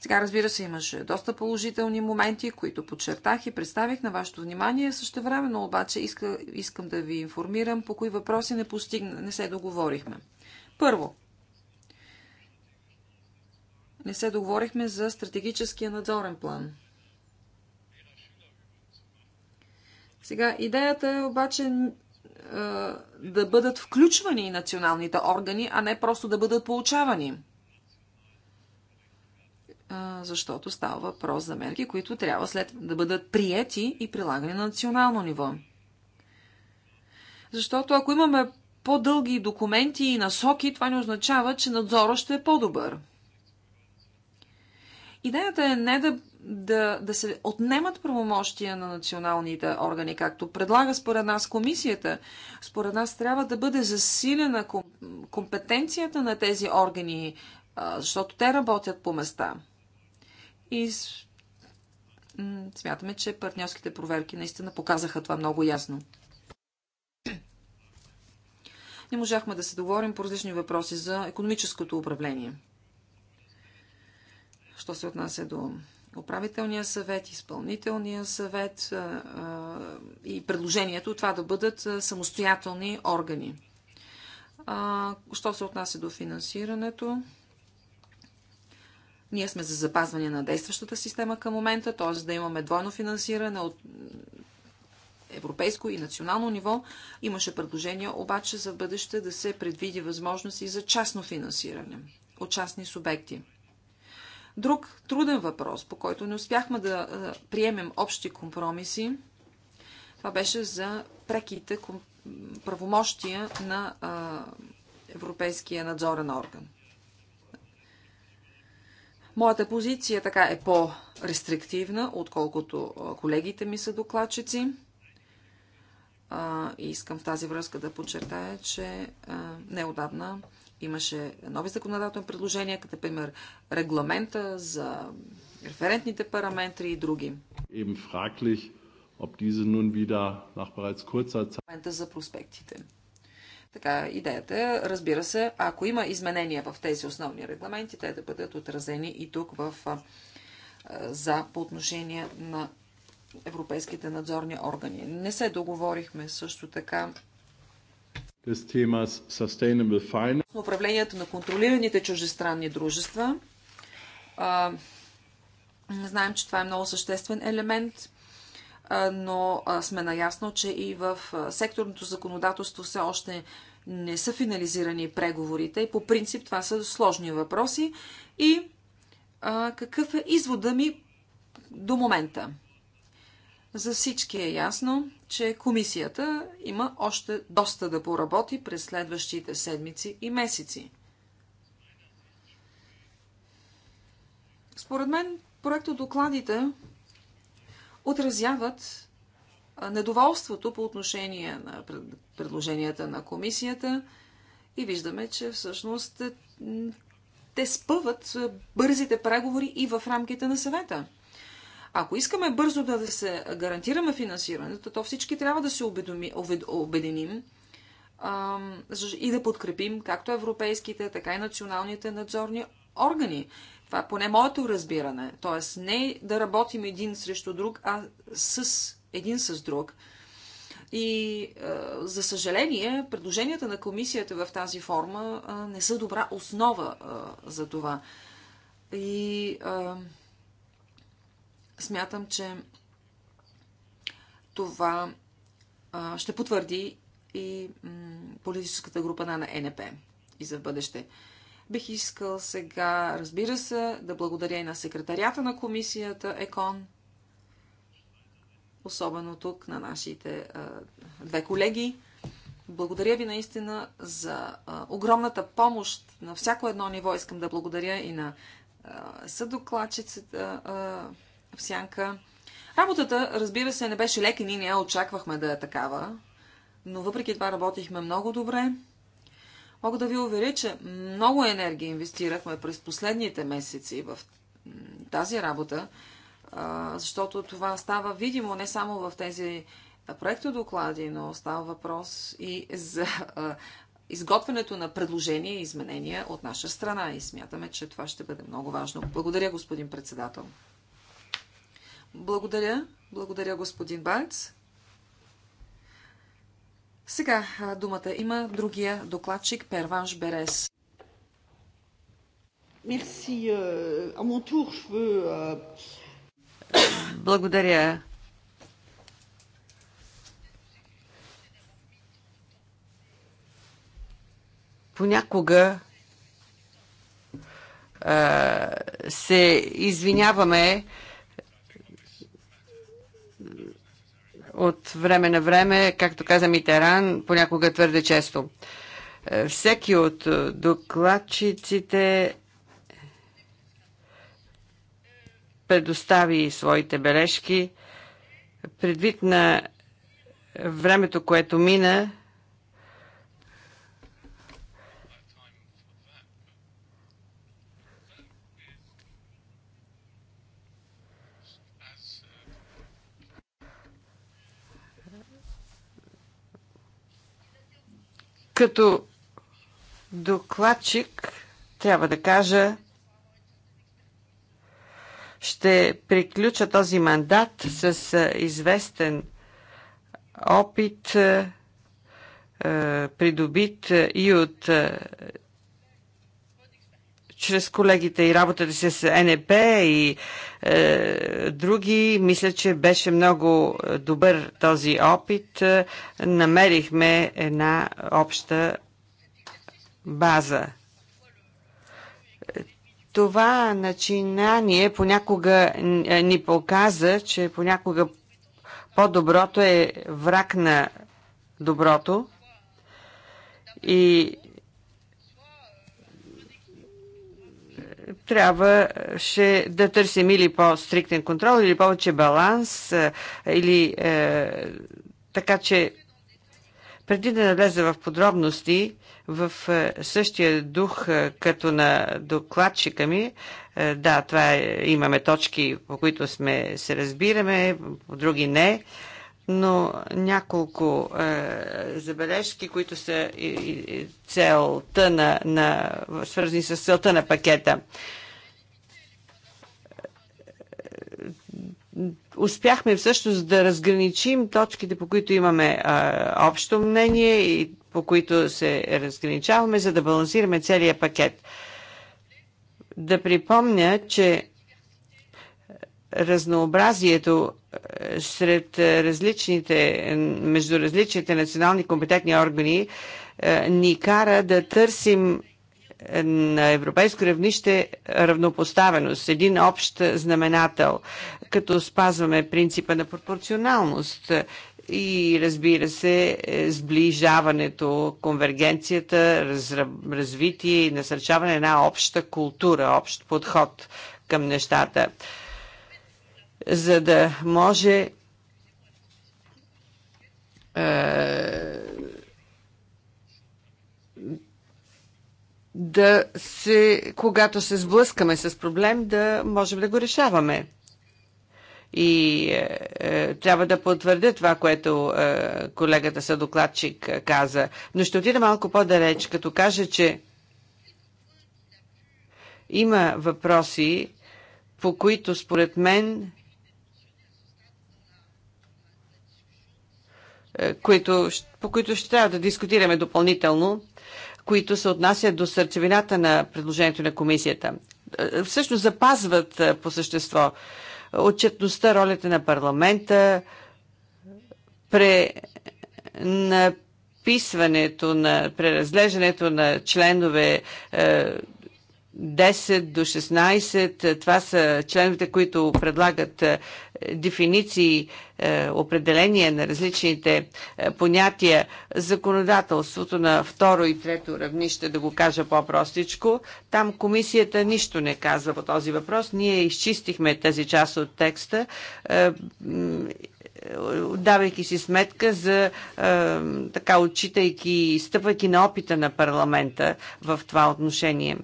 Сега, разбира се, имаше доста положителни моменти, които подчертах и представих на вашето внимание. Също но обаче иска, искам да ви информирам по кои въпроси не, постигна, не се договорихме. Първо, не се договорихме за стратегическия надзорен план. Сега, идеята е обаче е, да бъдат включвани националните органи, а не просто да бъдат получавани. Е, защото става въпрос за мерки, които трябва след да бъдат приети и прилагани на национално ниво. Защото ако имаме по-дълги документи и насоки, това не означава, че надзорът ще е по-добър. Идеята е не да да, да се отнемат правомощия на националните органи, както предлага според нас комисията. Според нас трябва да бъде засилена компетенцията на тези органи, защото те работят по места. И смятаме, че партньорските проверки наистина показаха това много ясно. Не можахме да се договорим по различни въпроси за економическото управление. Що се отнася до управителния съвет, изпълнителния съвет и предложението това да бъдат самостоятелни органи. Що се отнася до финансирането? Ние сме за запазване на действащата система към момента, т.е. да имаме двойно финансиране от европейско и национално ниво. Имаше предложение обаче за бъдеще да се предвиди възможности за частно финансиране от частни субекти. Друг труден въпрос, по който не успяхме да приемем общи компромиси, това беше за преките правомощия на Европейския надзорен орган. Моята позиция така е по-рестриктивна, отколкото колегите ми са докладчици. И искам в тази връзка да подчертая, че неодавна Имаше нови законодателни предложения, като например регламента за референтните параметри и други.
Eben fraglich, ob diese nun wieder nach
bereits kurzer
Zeit... за проспектите. Така, идеята е, разбира се, ако има изменения в тези основни регламенти, те да бъдат отразени и тук в за по отношение на европейските надзорни органи. Не се договорихме също така
des Themas Sustainable Finance.
Управлението на контролираните чужестранни дружества. А, знаем, че това е много съществен елемент, а, но а, сме наясно, че и в секторното законодателство все още не са финализирани преговорите и по принцип това са сложни въпроси. И какъв е извода ми до момента? За всички е ясно, че комисията има още доста да поработи през следващите седмици и месеци. Според мен, проектодокладите отразяват недоволството по отношение на предложенията на комисията и виждаме, че всъщност те спъват бързите преговори и в рамките на съвета. Ако искаме бързо да, се гарантираме финансирането, то всички трябва да се обединим и да подкрепим както европейските, така и националните надзорни органи. Това е поне моето разбиране. Тоест не да работим един срещу друг, а с един с друг. И за съжаление, предложенията на комисията в тази форма не са добра основа за това. И Смятам, че това ще потвърди и политическата група на НП и за бъдеще. Бих искал сега, разбира се, да благодаря и на секретарията на комисията ЕКОН, особено тук на нашите а, две колеги. Благодаря ви наистина за а, огромната помощ на всяко едно ниво. Искам да благодаря и на съдокладчицата в сянка. Работата, разбира се, не беше лека, ние не я очаквахме да е такава, но въпреки това работихме много добре. Мога да ви уверя, че много енергия инвестирахме през последните месеци в тази работа, защото това става видимо не само в тези проектодоклади, но става въпрос и за изготвянето на предложения и изменения от наша страна. И смятаме, че това ще бъде много важно. Благодаря, господин председател. Благодаря. Благодаря, господин Барц. Сега думата има другия докладчик Перванш Берес.
Благодаря. Понякога се извиняваме от време на време, както каза Митеран, понякога твърде често. Е, всеки от е, докладчиците предостави своите бележки. Предвид на времето, което мина, Като докладчик трябва да кажа, ще приключа този мандат с известен опит, придобит и от чрез колегите и работата си с НЕП и е, други, мисля, че беше много е, добър този опит. Е, намерихме една обща база. Това начинание понякога е, ни показа, че понякога по-доброто е враг на доброто и трябваше да търсим или по-стриктен контрол, или повече баланс, е, или е, така че преди да навлеза в подробности, в е, същия дух е, като на докладчика ми, да, това е, имаме точки, по които сме се разбираме, по други не, но няколко е, забележки, които са и, и, целта на, на, свързани с целта на пакета. Успяхме всъщност да разграничим точките, по които имаме е, общо мнение и по които се разграничаваме, за да балансираме целия пакет. Да припомня, че разнообразието е, сред е, различните, между различните национални компетентни органи е, ни кара да търсим на европейско равнище равнопоставеност, един общ знаменател, като спазваме принципа на пропорционалност и разбира се сближаването, конвергенцията, развитие и насърчаване на обща култура, общ подход към нещата за да може е, да се, когато се сблъскаме с проблем, да можем да го решаваме. И е, е трябва да потвърдя това, което е, колегата съдокладчик докладчик каза. Но ще отида малко по-далеч, като кажа, че има въпроси, по които според мен Е, които, по които ще трябва да дискутираме допълнително, които се отнасят до сърцевината на предложението на комисията. Е, всъщност запазват е, по същество отчетността, ролята на парламента, писването на преразглеждането на членове 10 до 16. Това са членовете, които предлагат дефиниции, е, определения на различните е, понятия, законодателството на второ и трето равнище, да го кажа по-простичко, там комисията нищо не казва по този въпрос. Ние изчистихме тази част от текста е, давайки си сметка за така отчитайки, стъпвайки на опита на парламента в това отношение.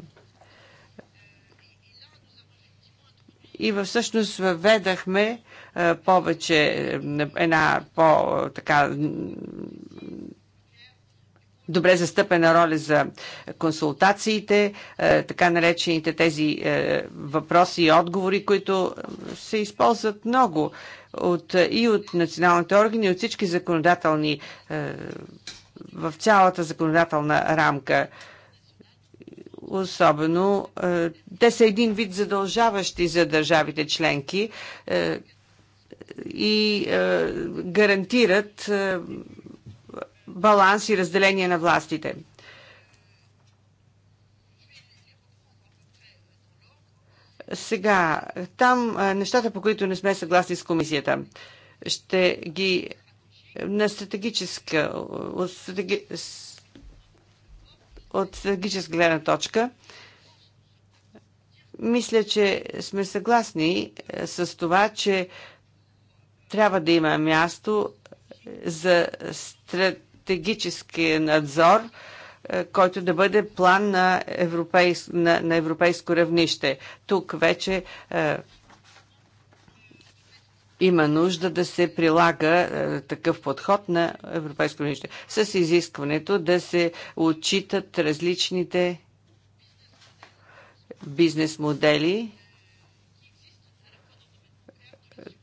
и всъщност въведахме е, повече е, една по-така добре застъпена роля за консултациите, е, така наречените тези въпроси и отговори, които се използват много от, и от националните органи, и от всички законодателни в цялата законодателна рамка особено е, те са един вид задължаващи за държавите членки е, и е, гарантират баланс и разделение на властите. Сега, там нещата, по които не сме съгласни с комисията, ще ги на стратегическа, стратеги, от стратегическа гледна точка. Мисля, че сме съгласни е, с това, че трябва да има място е, за стратегически надзор, е, който да бъде план на, европейс, на, на европейско равнище. Тук вече е, има нужда да се прилага а, е, такъв подход на европейско нище, с изискването да се отчитат различните бизнес модели,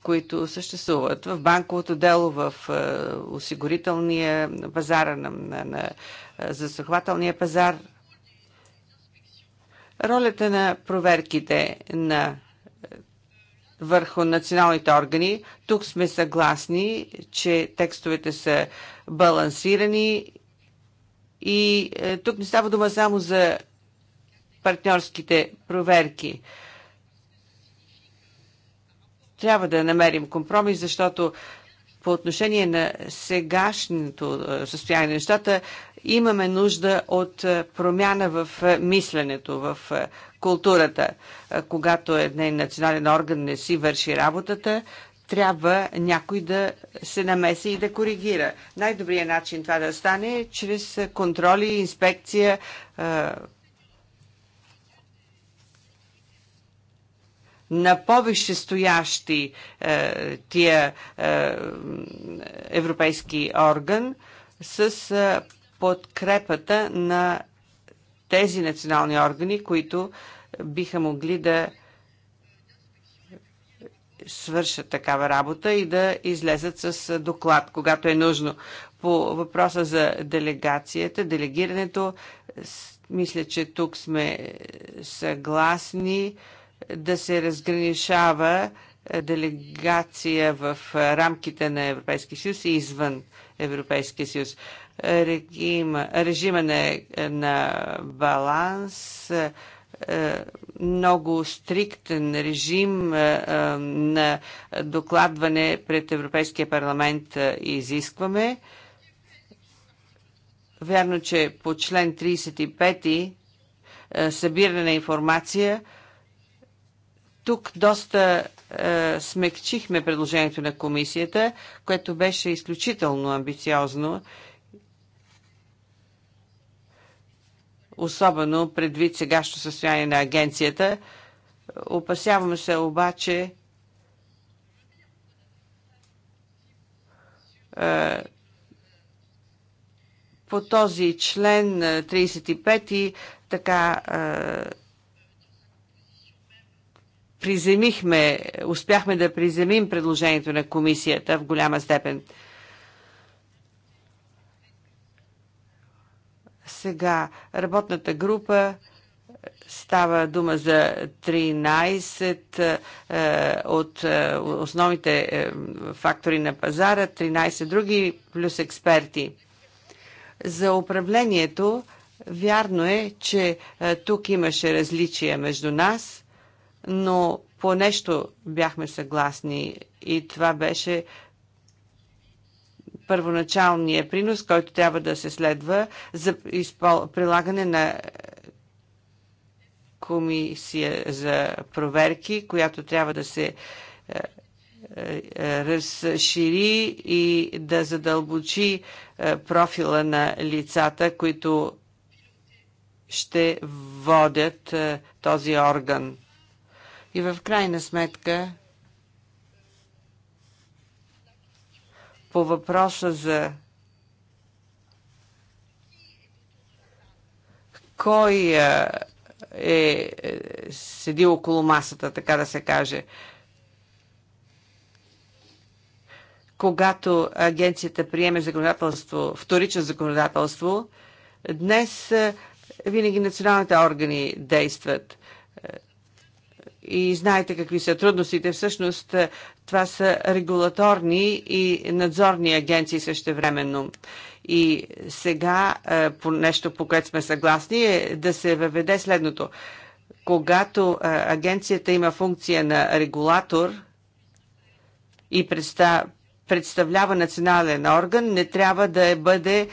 които съществуват в банковото дело, в а, е, осигурителния пазар, на, на, на е, засъхвателния пазар. Ролята на проверките на върху националните органи. Тук сме съгласни, че текстовете са балансирани и е, тук не става дума само за партньорските проверки. Трябва да намерим компромис, защото по отношение на сегашното е, състояние на нещата, имаме нужда от е, промяна в е, мисленето, в е, културата. Когато един национален орган не си върши работата, трябва някой да се намеси и да коригира. Най-добрият начин това да стане е чрез контроли, инспекция, на стоящи е, тия е, европейски орган с е, подкрепата на тези национални органи, които биха могли да свършат такава работа и да излезат с доклад, когато е нужно. По въпроса за делегацията, делегирането, мисля, че тук сме съгласни да се разграничава е, делегация в е, рамките на Европейския съюз и извън Европейския съюз режима, на, на баланс, е, много стриктен режим е, е, на докладване пред Европейския парламент изискваме. Вярно, че по член 35 събиране на информация тук доста смекчихме предложението на комисията, което беше изключително амбициозно особено предвид сегашното състояние на агенцията. Опасявам се обаче е, по този член 35 така е, приземихме, успяхме да приземим предложението на комисията в голяма степен. Сега работната група е, Става дума за 13 е, е, от е, основните е, фактори на пазара, 13 други плюс експерти. За управлението, вярно е, че е, тук имаше различия между нас, но по нещо бяхме съгласни и това беше първоначалния принос, който трябва да се следва за изпол... прилагане на комисия за проверки, която трябва да се е, е, разшири и да задълбочи е, профила на лицата, които ще водят този орган. И в крайна сметка по въпроса за кой е, е седи около масата, така да се каже. Когато агенцията приеме законодателство, вторично законодателство, днес винаги националните органи действат – и знаете какви са трудностите. Всъщност е, това са регулаторни и надзорни агенции същевременно. И сега е, по нещо, по което сме съгласни, е да се въведе следното. Когато е, агенцията има функция на регулатор и представлява национален орган, не трябва да бъде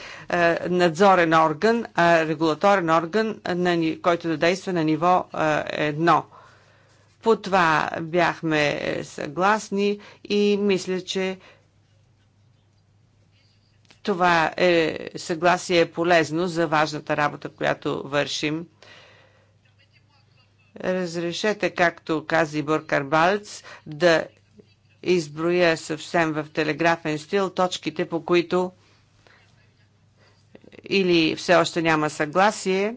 надзорен орган, а регулаторен орган, който да действа на ниво едно. По това бяхме съгласни и мисля, че това е, съгласие е полезно за важната работа, която вършим. Разрешете, както каза Ибор Карбалц, да изброя съвсем в телеграфен стил точките, по които или все още няма съгласие,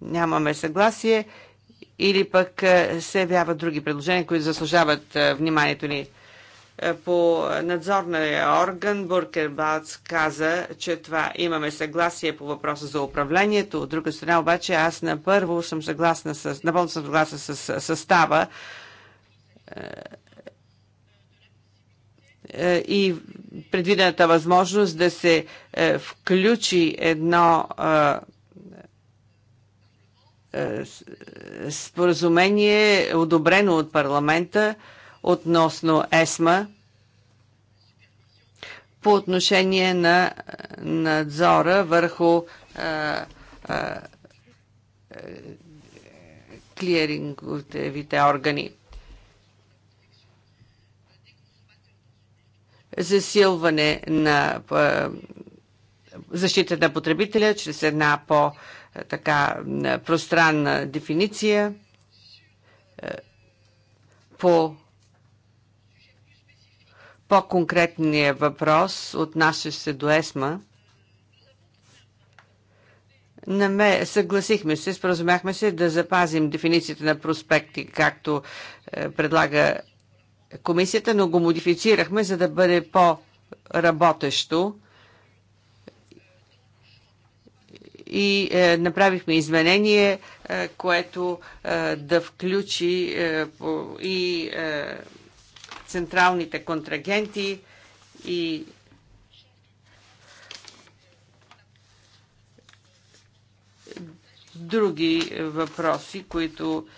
нямаме съгласие, или пък е, се явяват други предложения, които заслужават е, вниманието ни. Е, по надзорния орган Буркербалц каза, че това имаме съгласие по въпроса за управлението. От друга страна обаче аз на първо съм съгласна с, напълно съм съгласна с състава и предвидената възможност да се включи едно е, споразумение, одобрено от парламента относно ЕСМА по отношение на надзора върху е, е, клиринговите органи. Засилване на защита на потребителя чрез една по- добра е, така пространна дефиниция е, по по-конкретния въпрос, от отнасящ се до ЕСМА. Наме... Съгласихме се, споразумяхме се да запазим дефиницията на проспекти, както е, предлага комисията, но го модифицирахме, за да бъде по-работещо и е, направихме изменение, е, което е, да включи е, по, и е, централните контрагенти и други въпроси, които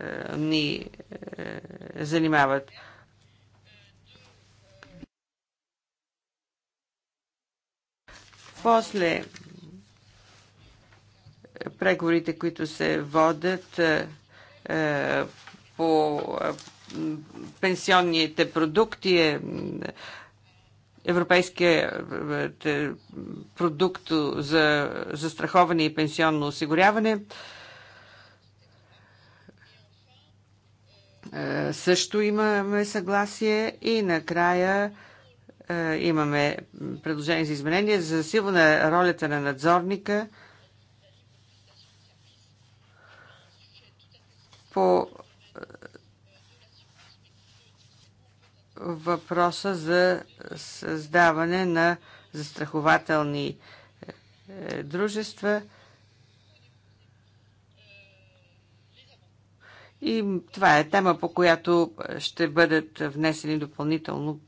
е, ни е, занимават. После преговорите, които се водят е, е, по е, пенсионните продукти, европейския продукт за застраховане и пенсионно осигуряване. Също имаме съгласие и накрая имаме предложение за изменение за засилване ролята на надзорника – по е, въпроса за създаване на застрахователни е, дружества. И това е тема, по която ще бъдат внесени допълнително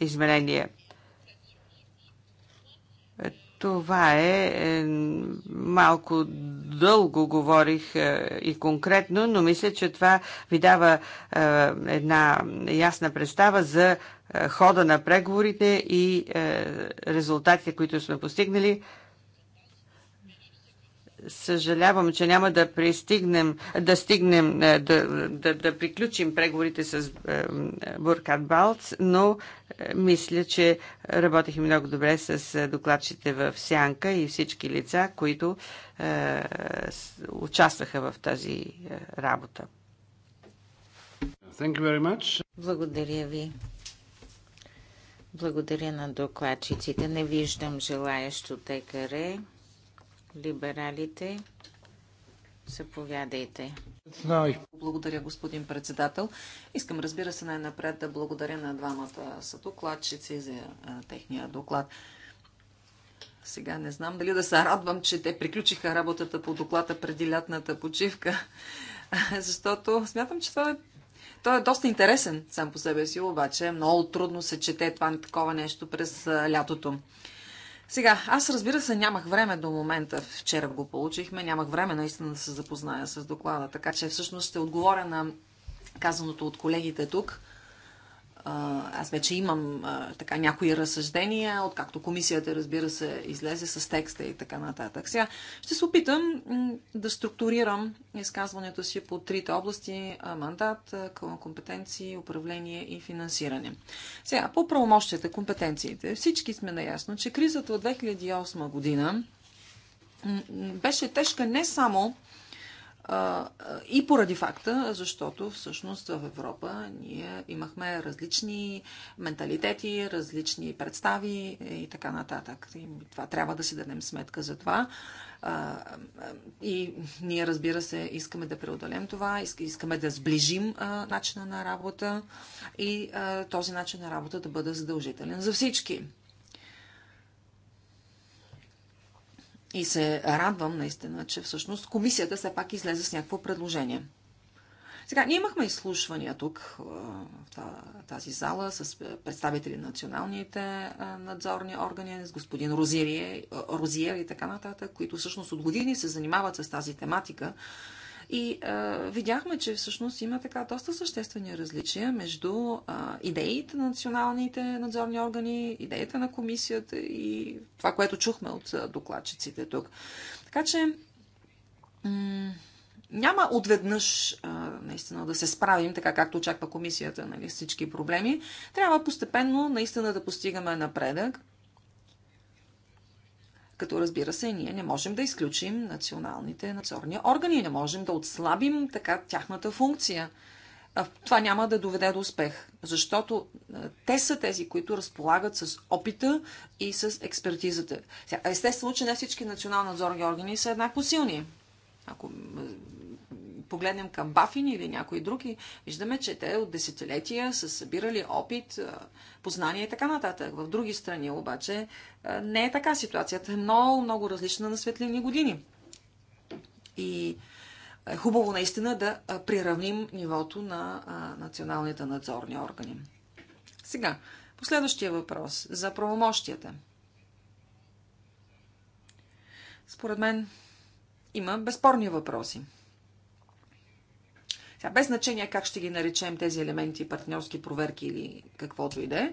изменения. Това е, е, Малко дълго говорих е, и конкретно, но мисля, че това ви дава е, една ясна представа за хода на преговорите и резултатите, които сме постигнали. Съжалявам, че няма да пристигнем, да стигнем, е, да, да, да приключим преговорите с е, Буркат Балц, но е, мисля, че работихме много добре с докладчите в Сянка и всички лица, които
участваха в тази работа. Благодаря ви. Благодаря на докладчиците. Не виждам желаящо текаре. Либералите, заповядайте. Благодаря, господин председател. Искам, разбира
се, най-напред да благодаря на двамата съдокладчици за техния доклад. Сега не знам дали да се радвам, че те приключиха работата по доклада преди лятната почивка, защото смятам, че това е той е доста интересен сам по себе си, обаче много трудно се чете това такова нещо през лятото. Сега, аз разбира се нямах време до момента, вчера го получихме, нямах време наистина да се запозная с доклада, така че всъщност ще отговоря на казаното от колегите тук аз вече имам а, така някои разсъждения, откакто комисията, разбира се, излезе с текста и така нататък. Сега ще се опитам да структурирам изказването си по трите области а, мандат, компетенции, управление и финансиране. Сега, по правомощите, компетенциите. Всички сме наясно, че кризата от 2008 година беше тежка не само и поради факта, защото всъщност в Европа ние имахме различни менталитети, различни представи и така нататък. И това трябва да си дадем сметка за това. И ние, разбира се, искаме да преодолем това, искаме да сближим начина на работа и този начин на работа да бъде задължителен за всички. И се радвам наистина, че всъщност комисията все пак излезе с някакво предложение. Сега, ние имахме изслушвания тук, в тази зала, с представители на националните надзорни органи, с господин Розиер, Розиер и така нататък, които всъщност от години се занимават с тази тематика и а, видяхме, че всъщност има така доста съществени различия между а, идеите на националните надзорни органи, идеите на комисията и това, което чухме от докладчиците тук. Така че няма отведнъж а, наистина да се справим, така както очаква комисията, нали, всички проблеми. Трябва постепенно наистина да постигаме напредък. Като разбира се, ние не можем да изключим националните надзорни органи, не можем да отслабим така тяхната функция. Това няма да доведе до успех, защото те са тези, които разполагат с опита и с експертизата. Естествено, че не всички национални надзорни органи са еднакво силни. Ако погледнем към Бафин или някои други, виждаме, че те от десетилетия са събирали опит, познания и така нататък. В други страни обаче не е така ситуацията. Е много, много различна на светлини години. И е хубаво наистина да приравним нивото на националните надзорни органи. Сега, последващия въпрос за правомощията. Според мен има безспорни въпроси. Сега, без значение как ще ги наречем тези елементи, партньорски проверки или каквото и да е,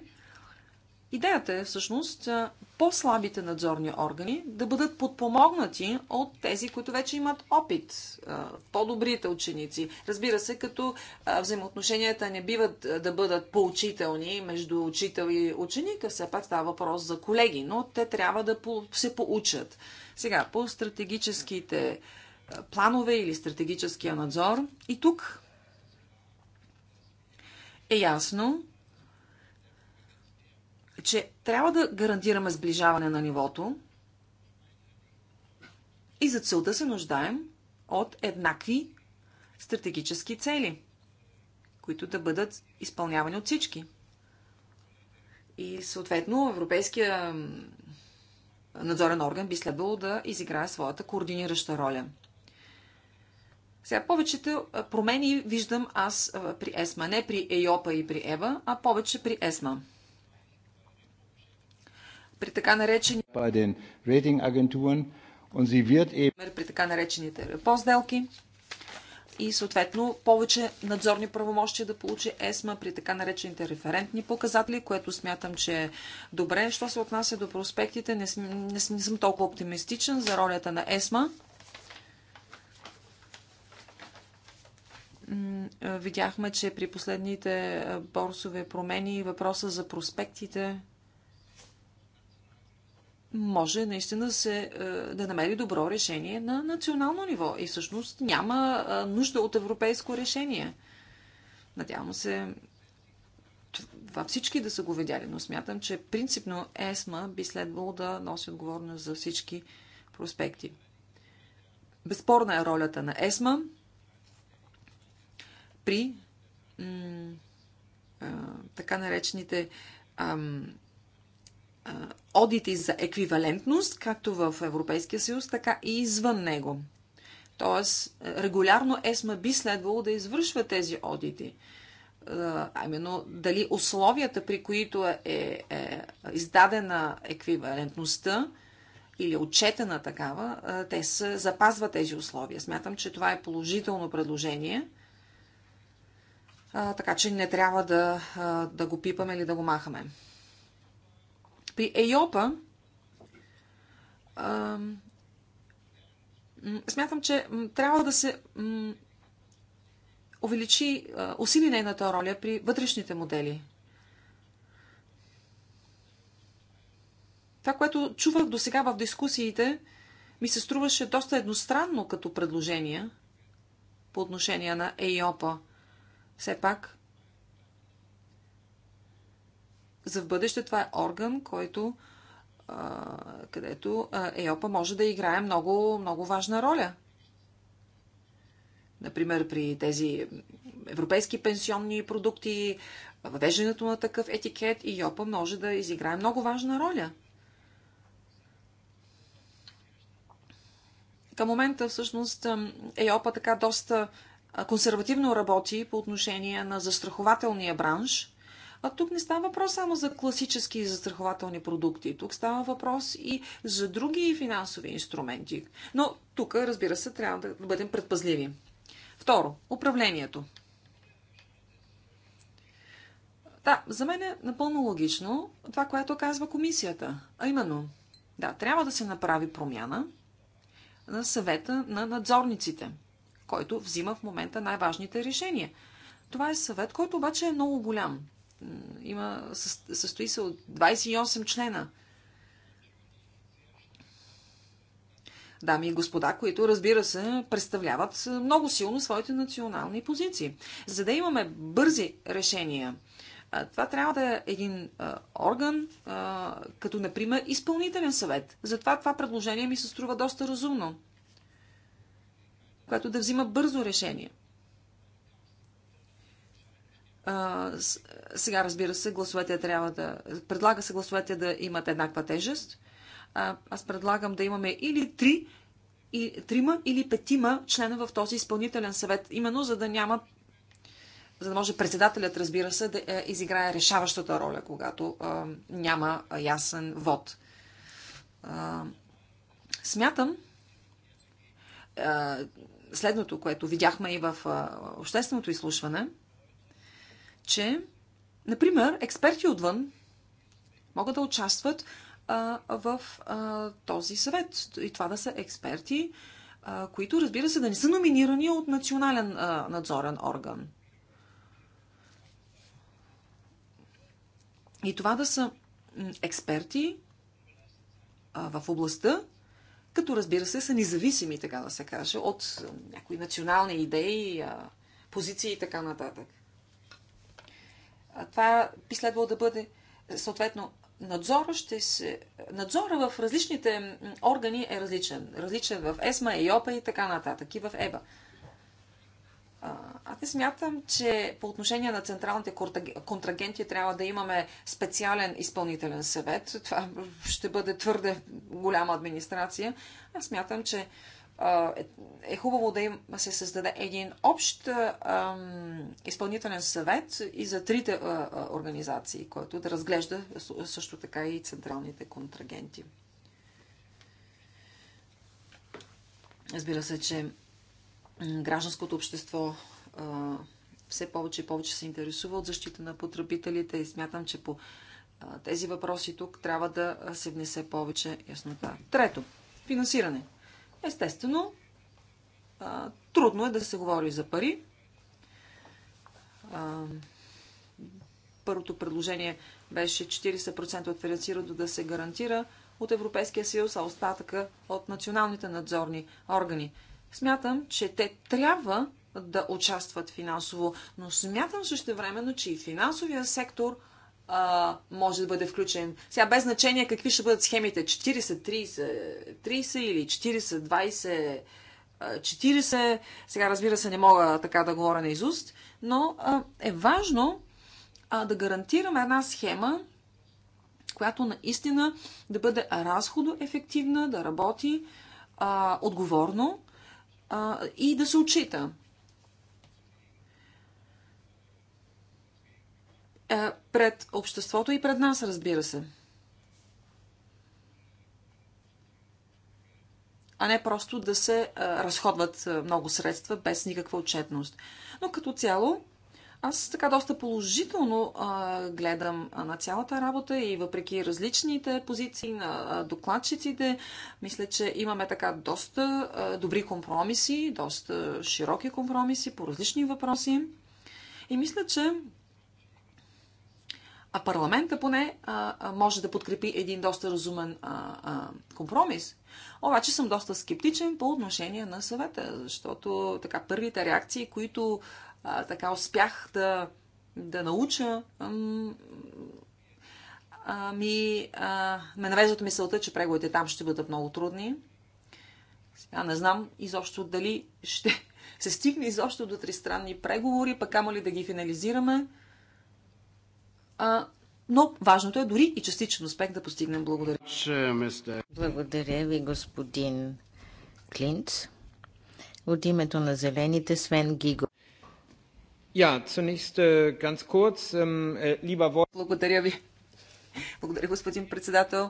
идеята е всъщност по-слабите надзорни органи да бъдат подпомогнати от тези, които вече имат опит, по-добрите ученици. Разбира се, като взаимоотношенията не биват да бъдат поучителни между учител и ученик, все пак става въпрос за колеги, но те трябва да се поучат. Сега, по стратегическите планове или стратегическия надзор. И тук е ясно, че трябва да гарантираме сближаване на нивото и за целта се нуждаем от еднакви стратегически цели, които да бъдат изпълнявани от всички. И съответно Европейския надзорен орган би следвало да изиграе своята координираща роля – сега повечето промени виждам аз при ЕСМА, не при ЕЙОПА и при ЕВА, а повече при ЕСМА. При така наречените при така наречените по-сделки и съответно повече надзорни правомощи да получи ЕСМА при така наречените референтни показатели, което смятам, че е добре. Що се отнася до проспектите, не, см, не, см, не съм толкова оптимистичен за ролята на ЕСМА. видяхме, че при последните борсове промени въпроса за проспектите може наистина се, да намери добро решение на национално ниво. И всъщност няма нужда от европейско решение. Надявам се това всички да са го видяли, но смятам, че принципно ЕСМА би следвало да носи отговорност за всички проспекти. Безспорна е ролята на ЕСМА – при така наречените одити за еквивалентност, както в Европейския съюз, така и извън него. Тоест, регулярно ЕСМА би следвало да извършва тези одити. А именно, дали условията, при които е, е, е издадена еквивалентността или отчетена такава, те са, запазва тези условия. Смятам, че това е положително предложение така че не трябва да, да го пипаме или да го махаме. При Ейопа смятам, че трябва да се увеличи, усили нейната роля при вътрешните модели. Това, което чувах до сега в дискусиите, ми се струваше доста едностранно като предложение по отношение на Ейопа все пак за в бъдеще това е орган, който където ЕОПА може да играе много, много важна роля. Например, при тези европейски пенсионни продукти, въвеждането на такъв етикет и ЕОПА може да изиграе много важна роля. Към момента всъщност ЕОПА така доста консервативно работи по отношение на застрахователния бранш. А тук не става въпрос само за класически застрахователни продукти. Тук става въпрос и за други финансови инструменти. Но тук, разбира се, трябва да бъдем предпазливи. Второ, управлението. Да, за мен е напълно логично това, което казва комисията. А именно, да, трябва да се направи промяна на съвета на надзорниците – който взима в момента най-важните решения. Това е съвет, който обаче е много голям. Има, състои се от 28 члена. дами и господа, които, разбира се, представляват много силно своите национални позиции. За да имаме бързи решения, това трябва да е един орган, като, например, изпълнителен съвет. Затова това предложение ми се струва доста разумно която да взима бързо решение. А, сега, разбира се, гласовете трябва да... Предлага се гласовете да имат еднаква тежест. А, аз предлагам да имаме или три, и, трима или петима члена в този изпълнителен съвет, именно за да няма за да може председателят, разбира се, да е, изиграе решаващата роля, когато а, няма ясен вод. А, смятам, а, следното, което видяхме и в общественото изслушване, че, например, експерти отвън могат да участват в този съвет. И това да са експерти, които, разбира се, да не са номинирани от национален надзорен орган. И това да са експерти в областта, като разбира се са независими, така да се каже, от е, някои национални идеи, е, позиции и така нататък. Това би следвало да бъде е, съответно надзора ще се... Надзора в различните органи е различен. Различен в ЕСМА, ЕОПА и така нататък. И в ЕБА. Аз не смятам, че по отношение на централните контрагенти трябва да имаме специален изпълнителен съвет. Това ще бъде твърде голяма администрация. Аз смятам, че е, е хубаво да се създаде един общ изпълнителен съвет и за трите организации, който да разглежда също така и централните контрагенти. Разбира се, че гражданското общество все повече и повече се интересува от защита на потребителите и смятам, че по тези въпроси тук трябва да се внесе повече яснота. Трето, финансиране. Естествено, трудно е да се говори за пари. Първото предложение беше 40% от финансирането да се гарантира от Европейския съюз, а остатъка от националните надзорни органи. Смятам, че те трябва да участват финансово, но смятам също времено, че и финансовия сектор а, може да бъде включен. Сега без значение какви ще бъдат схемите 40-30, 30 или 40-20, 40. Сега разбира се не мога така да говоря на изуст, но а, е важно а, да гарантираме една схема, която наистина да бъде разходоефективна, да работи а, отговорно а, и да се отчита. А, е, пред обществото и пред нас, разбира се. а не просто да се а, е, разходват е, много средства без никаква отчетност. Но като цяло, аз така доста положително а, гледам на цялата работа и въпреки различните позиции на докладчиците, мисля, че имаме така доста а, добри компромиси, доста широки компромиси по различни въпроси. И мисля, че а парламента поне а, а, може да подкрепи един доста разумен а, а, компромис. Обаче съм доста скептичен по отношение на съвета, защото така първите реакции, които а, така успях да, да науча, а, ми, а, ме навежда от мисълта, че преговорите там ще бъдат много трудни. Сега не знам изобщо дали ще се стигне изобщо до тристранни преговори, пък ама ли да ги финализираме.
А, но важното е дори и частичен успех да постигнем. Благодаря. Благодаря ви, господин Клинц. От името на Зелените Свен Гиго. Äh, ähm,
äh, Благодаря ви. Благодаря, господин председател.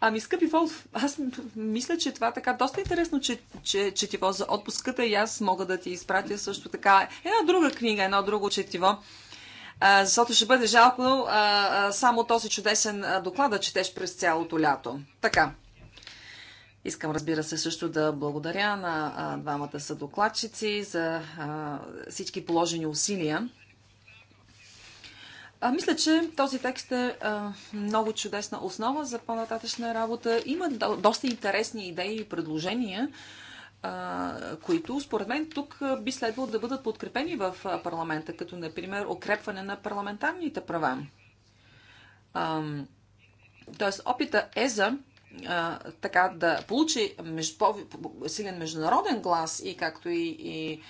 Ами, скъпи Волф, аз мисля, че това е така доста интересно, че, че четиво за отпуската и аз мога да ти изпратя също така една друга книга, едно друго четиво. А, защото ще бъде жалко а, а, само този чудесен доклад да четеш през цялото лято. Така, Искам, разбира се, също да благодаря на двамата съдокладчици за всички положени усилия. А, мисля, че този текст е а, много чудесна основа за по-нататъчна работа. Има до, доста интересни идеи и предложения, а, които според мен тук би следвало да бъдат подкрепени в парламента, като например укрепване на парламентарните права. Тоест, опита ЕЗА а, така да получи меж, по, силен международен глас и както и, и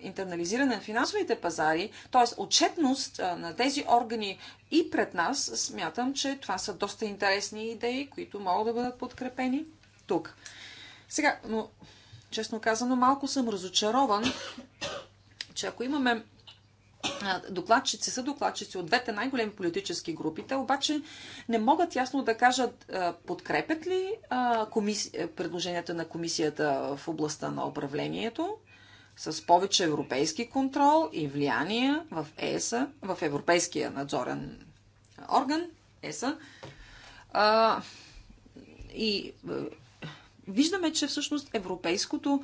интернализиране на финансовите пазари, т.е. отчетност на тези органи и пред нас, смятам, че това са доста интересни идеи, които могат да бъдат подкрепени тук. Сега, но, честно казано, малко съм разочарован, че ако имаме докладчици са докладчици от двете най-големи политически групи. Те обаче не могат ясно да кажат подкрепят ли е, предложенията на комисията в областта на управлението с повече европейски контрол и влияние в ЕСА, в Европейския надзорен орган ЕСА. и е, виждаме, че всъщност европейското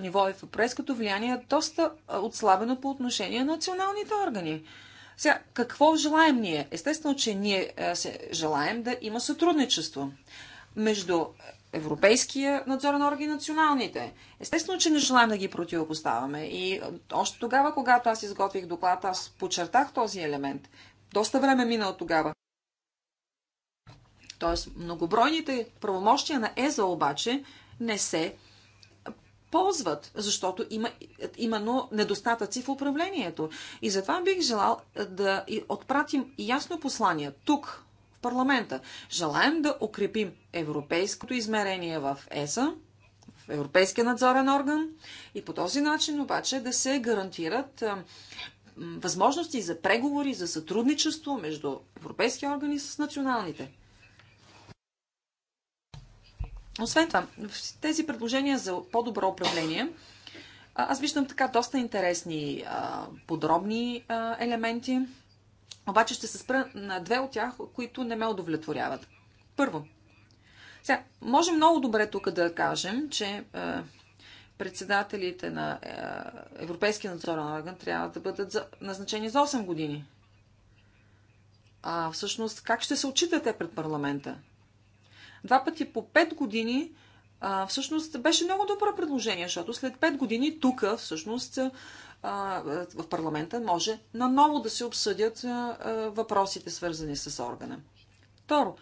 ниво европейското влияние е доста отслабено по отношение на националните органи. Сега, какво желаем ние? Естествено, че ние се желаем да има сътрудничество между Европейския надзорен орган и националните. Естествено, че не желаем да ги противопоставяме. И още тогава, когато аз изготвих доклад, аз подчертах този елемент. Доста време е мина от тогава. Тоест, многобройните правомощия на ЕЗА обаче не се ползват, защото има именно недостатъци в управлението. И затова бих желал е, да отпратим ясно послание тук, в парламента. Желаем да укрепим европейското измерение в ЕСА, в Европейския надзорен орган и по този начин обаче да се гарантират е, възможности за преговори, за сътрудничество между европейски органи с националните. Освен това, в тези предложения за по-добро управление, аз виждам така доста интересни подробни елементи, обаче ще се спра на две от тях, които не ме удовлетворяват. Първо, сега, може много добре тук да кажем, че председателите на Европейския надзорен орган трябва да бъдат за, назначени за 8 години. А всъщност, как ще се отчитате пред парламента? два пъти по 5 години, а, всъщност беше много добро предложение, защото след 5 години тук, всъщност, а, в парламента може наново да се обсъдят а, а, въпросите, свързани с органа. Второ,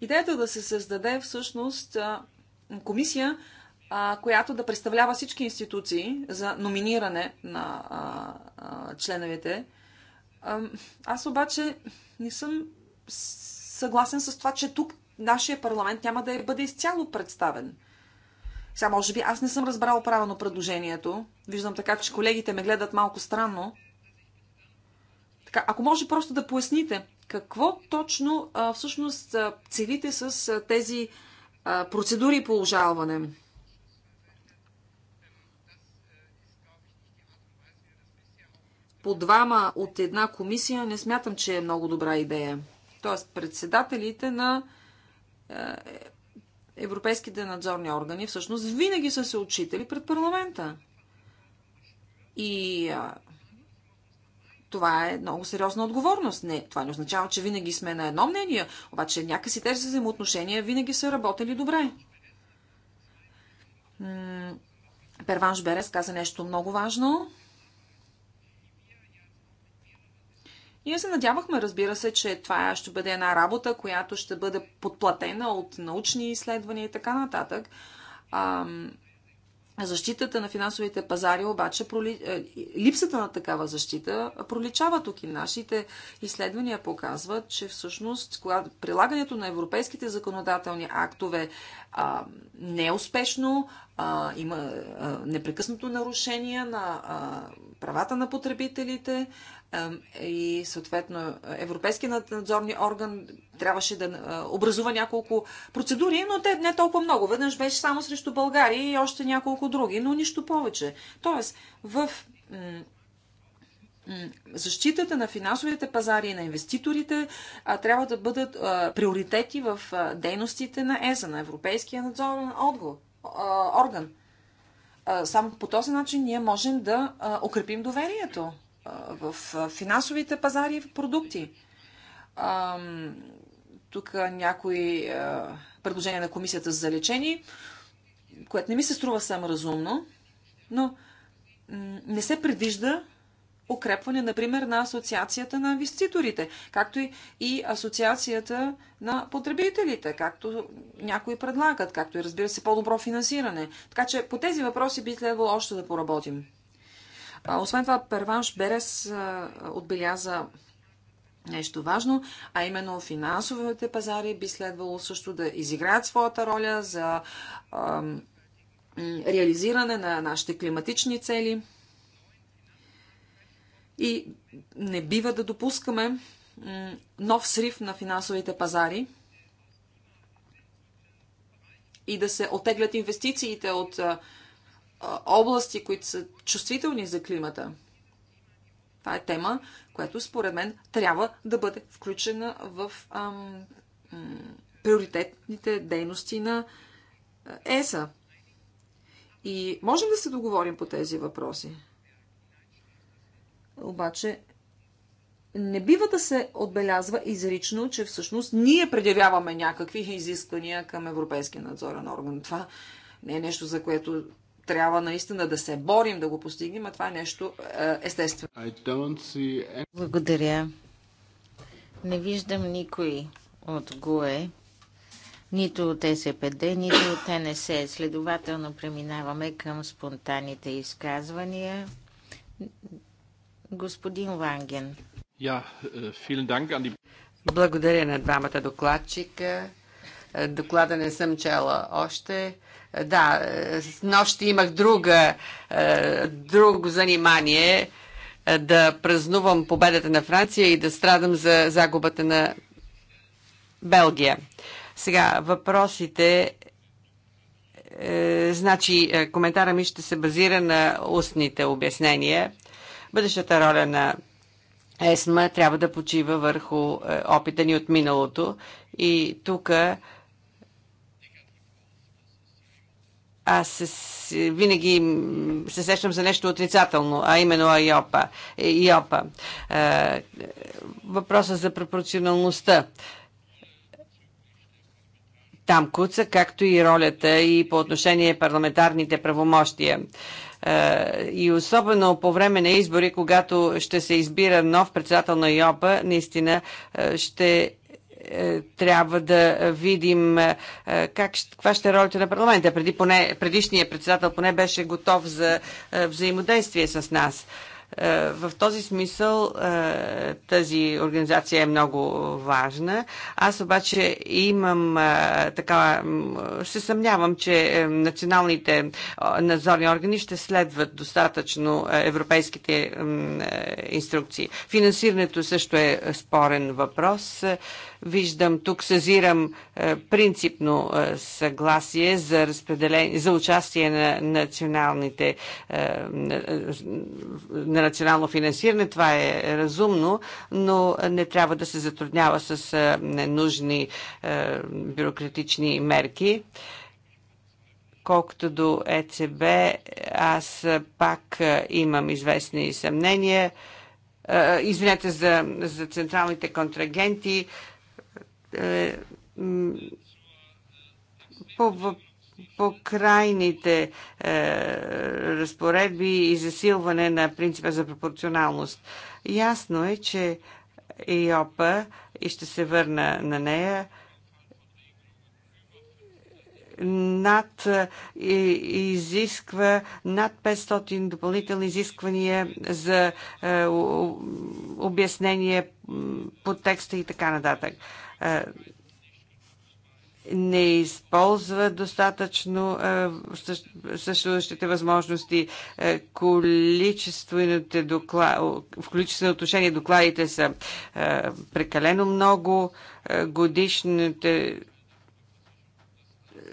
идеята да се създаде всъщност а, комисия, а, която да представлява всички институции за номиниране на а, а, членовете. А, аз обаче не съм съгласен с това, че тук нашия парламент няма да е- бъде изцяло представен. Сега, може би, аз не съм разбрал правилно предложението. Виждам така, че колегите ме гледат малко странно. Така, ако може просто да поясните, какво точно а, всъщност целите с а, тези а, процедури по ужалване. по двама от една комисия не смятам, че е много добра идея. Тоест, председателите на е, европейските надзорни органи всъщност винаги са се отчитали пред парламента. И а, това е много сериозна отговорност. Не, това не означава, че винаги сме на едно мнение, обаче някакси тези взаимоотношения винаги са работили добре. М- Перванш Берес каза нещо много важно. Ние се надявахме, разбира се, че това ще бъде една работа, която ще бъде подплатена от научни изследвания и така нататък. Ам, защитата на финансовите пазари обаче, проли... Е, липсата на такава защита проличава тук и нашите изследвания показват, че всъщност когато прилагането на европейските законодателни актове а, не е успешно, а, има а, непрекъснато нарушение на а, правата на потребителите, и съответно европейския надзорни орган трябваше да образува няколко процедури, но те не толкова много. Веднъж беше само срещу България и още няколко други, но нищо повече. Тоест, в защитата на финансовите пазари и на инвеститорите а, трябва да бъдат а, приоритети в а, дейностите на Еза на Европейския надзорен орган. Само по този начин ние можем да укрепим доверието в финансовите пазари в продукти. Тук някои предложения на комисията за лечение, което не ми се струва само разумно, но не се предвижда укрепване, например, на Асоциацията на инвеститорите, както и Асоциацията на потребителите, както някои предлагат, както и, разбира се, по-добро финансиране. Така че по тези въпроси би следвало още да поработим. Освен това, Перванш Берес отбеляза нещо важно, а именно финансовите пазари би следвало също да изиграят своята роля за реализиране на нашите климатични цели. И не бива да допускаме нов срив на финансовите пазари и да се отеглят инвестициите от области, които са чувствителни за климата. Това е тема, която според мен трябва да бъде включена в ам, ам, приоритетните дейности на ЕСА. И можем да се договорим по тези въпроси. Обаче, не бива да се отбелязва изрично, че всъщност ние предявяваме някакви изисквания към Европейския надзорен орган. Това не е нещо, за което трябва наистина да се борим да го
постигнем, а това е нещо е, естествено. Any... Благодаря. Не виждам никой от ГУЕ, нито от СПД, нито от НС. Следователно преминаваме към спонтанните изказвания. Господин Ванген.
die... Благодаря на двамата докладчика. Доклада не съм чела още. Да, нощи имах друга, е, друго занимание е, да празнувам победата на Франция и да страдам за загубата на Белгия. Сега, въпросите е, значи коментара ми ще се базира на устните обяснения. Бъдещата роля на ЕСМА трябва да почива върху опита ни от миналото и тук аз с, винаги се сещам за нещо отрицателно, а именно Айопа. Иопа. Е, Въпросът за пропорционалността. Там куца, както и ролята и по отношение парламентарните правомощия е, и особено по време на избори, когато ще се избира нов председател на ЙОПА, наистина е, ще е, трябва да видим е, как, каква ще е ролята на парламента. Преди поне, предишният председател поне беше готов за е, взаимодействие с нас. В този смисъл тази организация е много важна. Аз обаче имам така, се съмнявам, че националните надзорни органи ще следват достатъчно европейските инструкции. Финансирането също е спорен въпрос. Виждам, тук съзирам е, принципно е, съгласие за, разпределение, за участие на националните е, на национално финансиране. Това е разумно, но не трябва да се затруднява с ненужни бюрократични мерки колкото до ЕЦБ, аз пак имам известни съмнения. Извинете за, за централните контрагенти. Е, по, по крайните е, разпоредби и засилване на принципа за пропорционалност. Ясно е, че ЕОПА, и ще се върна на нея, над, е, изисква над 500 допълнителни изисквания за е, обяснение по текста и така нататък. Е, не използва достатъчно съществуващите възможности. Количествените доклад, в количествено отношение докладите са прекалено много. Годишните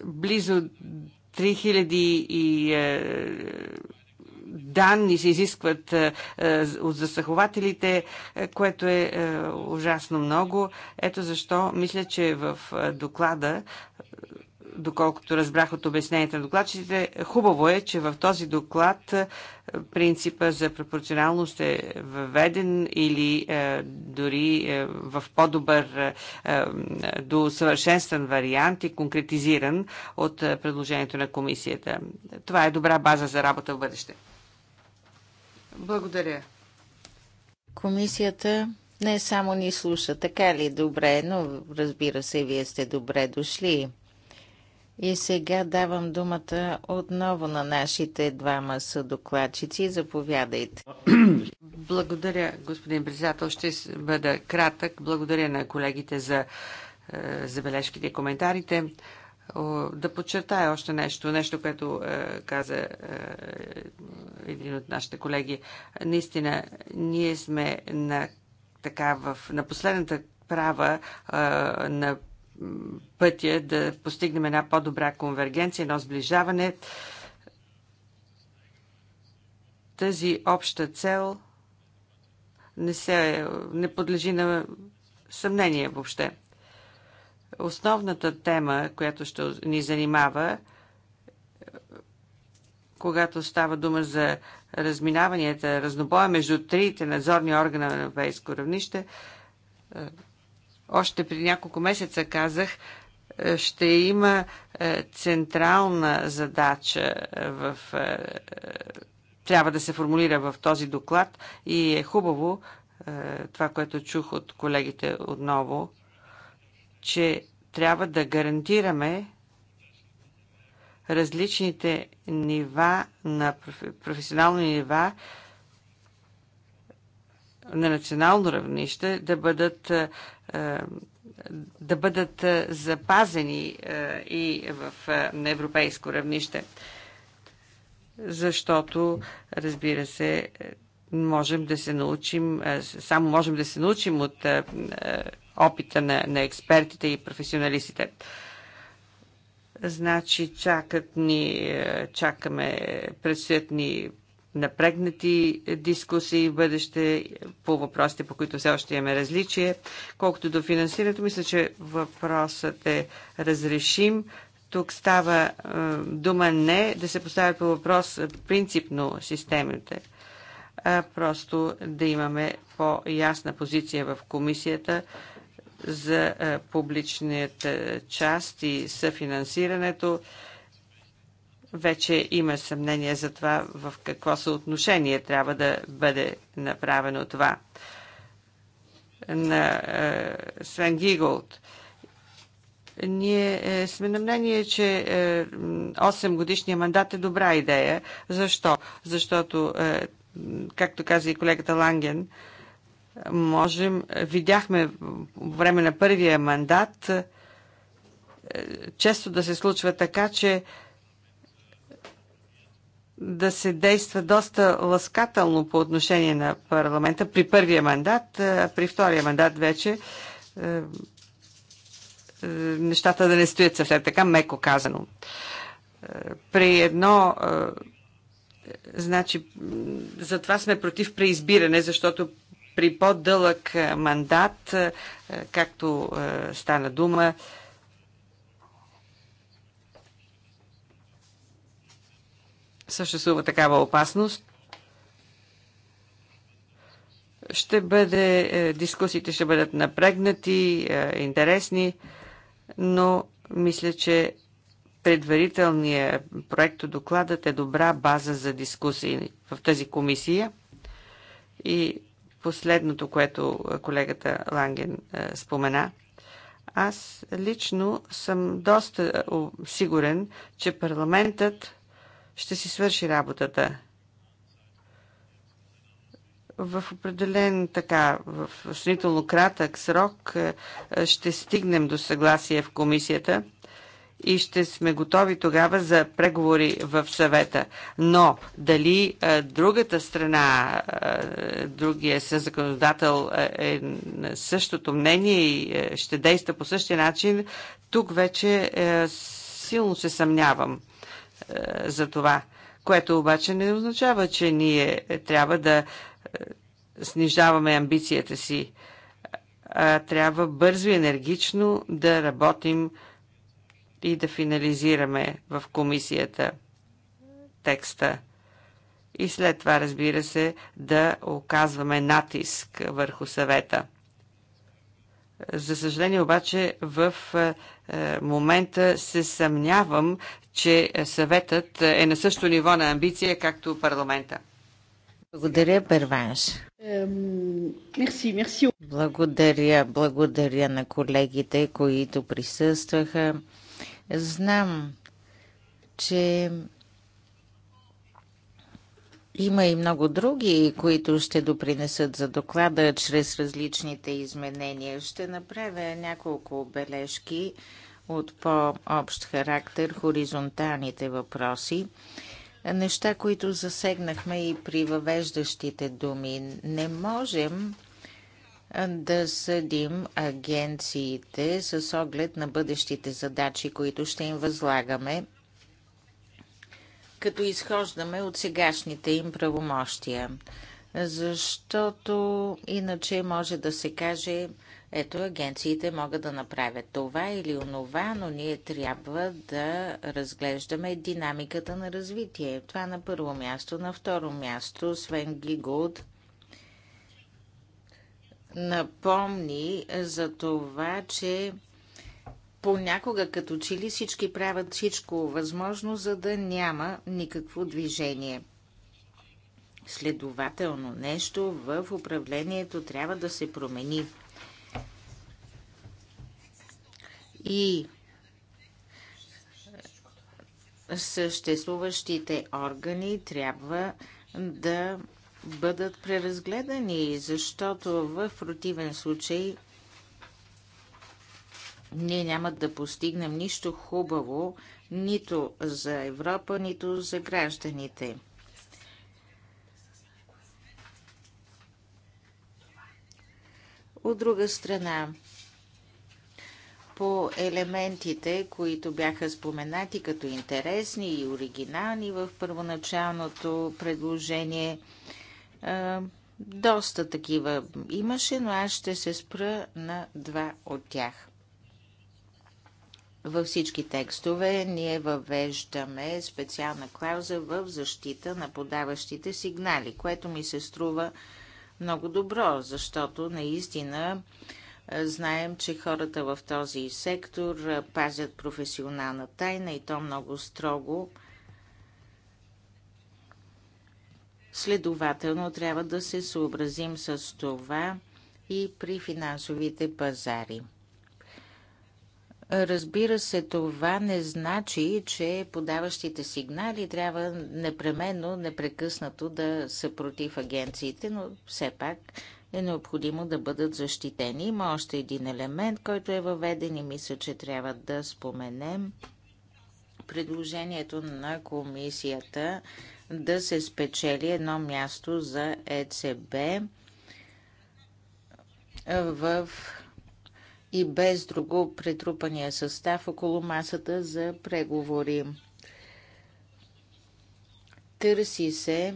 близо 3000 и данни се изискват е, е, от застрахователите, е, което е ужасно много. Ето защо мисля, че в доклада доколкото разбрах от обясненията на докладчите, хубаво е, че в този доклад принципа за пропорционалност е въведен или е, дори е, в по-добър е, до съвършенстван вариант и конкретизиран от предложението на комисията. Това е добра база за работа в бъдеще.
Благодаря. Комисията не само ни слуша, така ли добре, но разбира се, вие сте добре дошли. И сега давам думата отново на нашите двама съдокладчици. Заповядайте. Благодаря, господин председател. Ще бъда кратък.
Благодаря на колегите за е, забележките и коментарите да подчертая още нещо, нещо, което е, каза е, един от нашите колеги. Наистина, ние сме на, така, в, на последната права е, на пътя да постигнем една по-добра конвергенция, едно сближаване. Тази обща цел не, се, не подлежи на съмнение въобще. Основната тема, която ще ни занимава, когато става дума за разминаванията, разнобоя между трите надзорни органа на европейско равнище, е, още при няколко месеца казах, е, ще има е, централна задача в трябва да се формулира в този доклад и е хубаво това, което чух от колегите отново, че трябва да гарантираме различните нива на професионални нива на национално равнище да бъдат да бъдат запазени и в, на европейско равнище. Защото, разбира се, можем да се научим, само можем да се научим от опита на, на експертите и професионалистите. Значи чакат ни, е, чакаме, предстоят ни напрегнати дискусии в бъдеще по въпросите, по които все още имаме различие. Колкото до финансирането, мисля, че въпросът е разрешим. Тук става е, дума не да се поставя по въпрос принципно системите, а просто да имаме по-ясна позиция в комисията за публичната част и съфинансирането. Вече има съмнение за това в какво съотношение трябва да бъде направено това. На Свен Гиголд. Ние е, сме на мнение, че 8 е, годишния мандат е добра идея. Защо? Защото, е, както каза и колегата Ланген, можем, видяхме време на първия мандат, е, често да се случва така, че да се действа доста ласкателно по отношение на парламента при първия мандат, е, а при втория мандат вече е, нещата да не стоят съвсем така, меко казано. При едно значи, затова сме против преизбиране, защото при по-дълъг е, мандат, е, както е, стана дума, съществува такава опасност. Ще бъде, дискусиите ще бъдат напрегнати, интересни, но мисля, че предварителният проект докладът е добра база за дискусии в тази комисия и последното, което колегата Ланген спомена. Аз лично съм доста сигурен, че парламентът ще си свърши работата в определен така, в сравнително кратък срок ще стигнем до съгласие в комисията и ще сме готови тогава за преговори в съвета. Но дали а, другата страна, а, другия законодател е на същото мнение и ще действа по същия начин, тук вече а, силно се съмнявам а, за това, което обаче не означава, че ние трябва да снижаваме амбицията си. А, трябва бързо и енергично да работим а, и да финализираме в комисията текста. И след това, разбира се, да оказваме натиск върху съвета. За съжаление обаче в е, момента се съмнявам, че съветът е на същото ниво на амбиция, както парламента.
Благодаря, Берванш. Мерси, мерси. Благодаря, благодаря на колегите, които присъстваха. Знам, че има и много други, които ще допринесат за доклада чрез различните изменения. Ще направя няколко бележки от по-общ характер, хоризонталните въпроси. Неща, които засегнахме и при въвеждащите думи. Не можем да съдим агенциите с оглед на бъдещите задачи, които ще им възлагаме, като изхождаме от сегашните им правомощия. Защото иначе може да се каже, ето агенциите могат да направят това или онова, но ние трябва да разглеждаме динамиката на развитие. Това на първо място. На второ място, Свен гигуд напомни за това, че понякога като че ли всички правят всичко възможно, за да няма никакво движение. Следователно нещо в управлението трябва да се промени. И съществуващите органи трябва да бъдат преразгледани, защото в противен случай ние няма да постигнем нищо хубаво нито за Европа, нито за гражданите. От друга страна, по елементите, които бяха споменати като интересни и оригинални в първоначалното предложение – доста такива имаше, но аз ще се спра на два от тях. Във всички текстове ние въвеждаме специална клауза в защита на подаващите сигнали, което ми се струва много добро, защото наистина знаем, че хората в този сектор пазят професионална тайна и то много строго. Следователно трябва да се съобразим с това и при финансовите пазари. Разбира се, това не значи, че подаващите сигнали трябва непременно, непрекъснато да са против агенциите, но все пак е необходимо да бъдат защитени. Има още един елемент, който е въведен и мисля, че трябва да споменем. Предложението на комисията да се спечели едно място за ЕЦБ в и без друго претрупания състав около масата за преговори. Търси се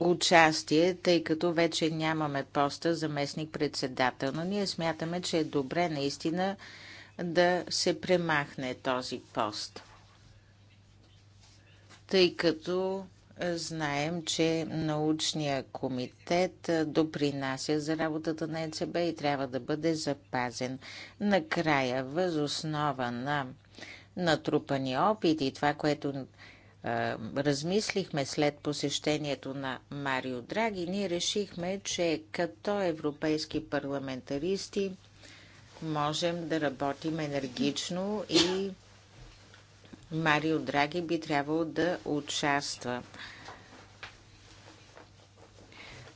участие, тъй като вече нямаме поста заместник председател, но ние смятаме, че е добре наистина да се премахне този пост тъй като е, знаем, че научния комитет е, допринася за работата на ЕЦБ и трябва да бъде запазен. Накрая, възоснова на натрупани опит и това, което е, размислихме след посещението на Марио Драги, ние решихме, че като европейски парламентаристи можем да работим енергично и Марио Драги би трябвало да участва.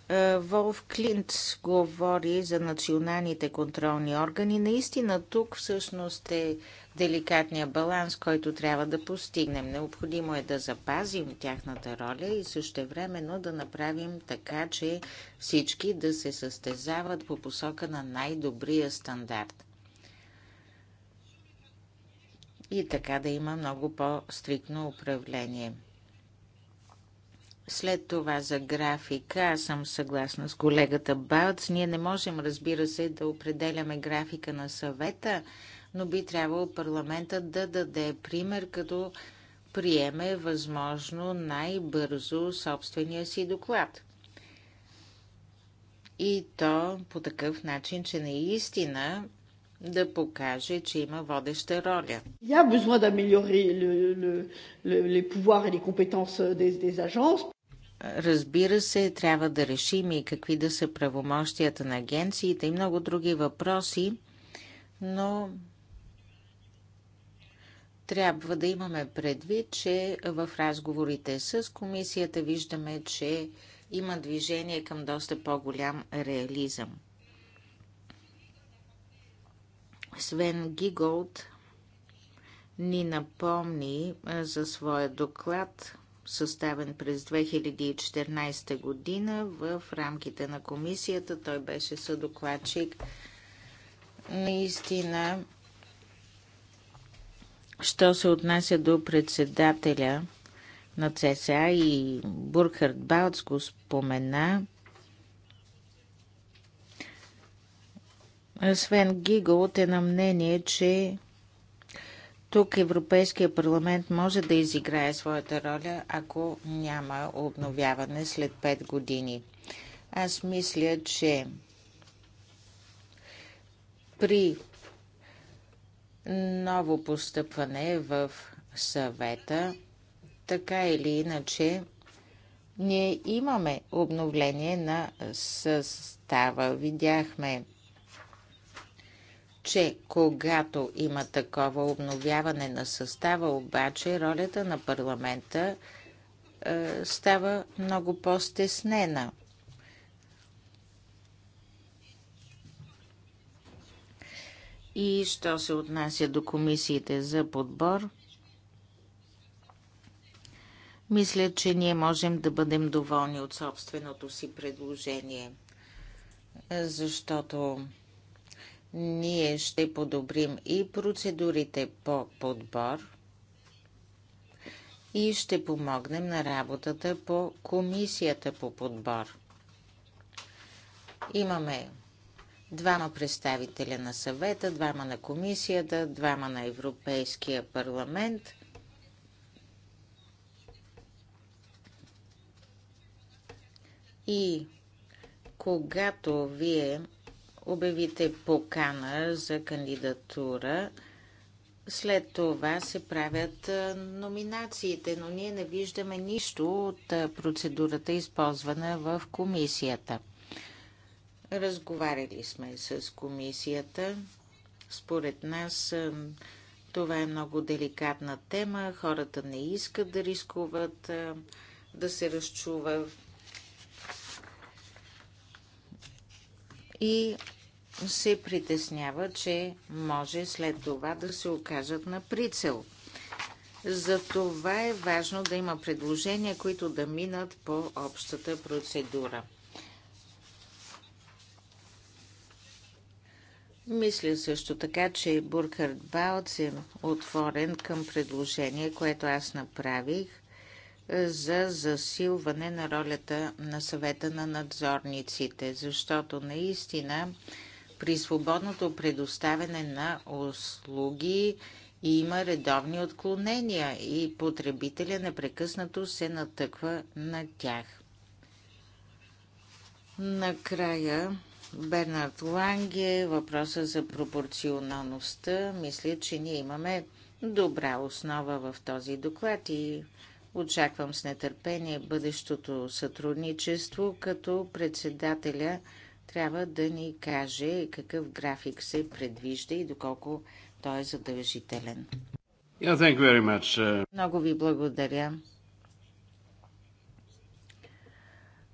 Е, Волф Клинт говори за националните контролни органи. Наистина тук всъщност е деликатния баланс, който трябва да постигнем. Необходимо е да запазим тяхната роля и също времено да направим така, че всички да се състезават по посока на най-добрия стандарт и така да има много по-стрикно управление. След това за графика, аз съм съгласна с колегата Балц. Ние не можем, разбира се, да определяме графика на съвета, но би трябвало парламентът да даде пример, като приеме възможно най-бързо собствения си доклад. И то по такъв начин, че наистина да покаже, че има водеща роля. Я y да besoin d'améliorer le, le, le, les pouvoirs et les compétences des, des agences. Разбира се, трябва да решим и какви да са правомощията на агенциите и много други въпроси, но трябва да имаме предвид, че в разговорите с комисията виждаме, че има движение към доста по-голям реализъм. Свен Гиголд ни напомни за своя доклад, съставен през 2014 година в рамките на комисията. Той беше съдокладчик. Наистина, що се отнася до председателя на ЦСА и Бурхард Балц го спомена – Свен Гиголт е на мнение, че тук Европейския парламент може да изиграе своята роля, ако няма обновяване след 5 години. Аз мисля, че при ново постъпване в съвета, така или иначе, ние имаме обновление на състава. Видяхме че когато има такова обновяване на състава, обаче ролята на парламента е, става много по-стеснена. И що се отнася до комисиите за подбор, мисля, че ние можем да бъдем доволни от собственото си предложение, защото ние ще подобрим и процедурите по подбор и ще помогнем на работата по комисията по подбор. Имаме двама представителя на съвета, двама на комисията, двама на Европейския парламент. И когато вие обявите покана за кандидатура. След това се правят номинациите, но ние не виждаме нищо от процедурата, използвана в комисията. Разговаряли сме с комисията. Според нас това е много деликатна тема. Хората не искат да рискуват да се разчува. И се притеснява, че може след това да се окажат на прицел. Затова е важно да има предложения, които да минат по общата процедура. Мисля също така, че Бурхард Баоц е отворен към предложение, което аз направих за засилване на ролята на съвета на надзорниците, защото наистина при свободното предоставяне на услуги има редовни отклонения и потребителя непрекъснато се натъква на тях. Накрая Бернард Ланге, въпроса за пропорционалността. Мисля, че ние имаме добра основа в този доклад и очаквам с нетърпение бъдещото сътрудничество, като председателя трябва да ни каже какъв график се предвижда и доколко той е задължителен.
Yeah, thank you very much. Uh,
Много ви благодаря.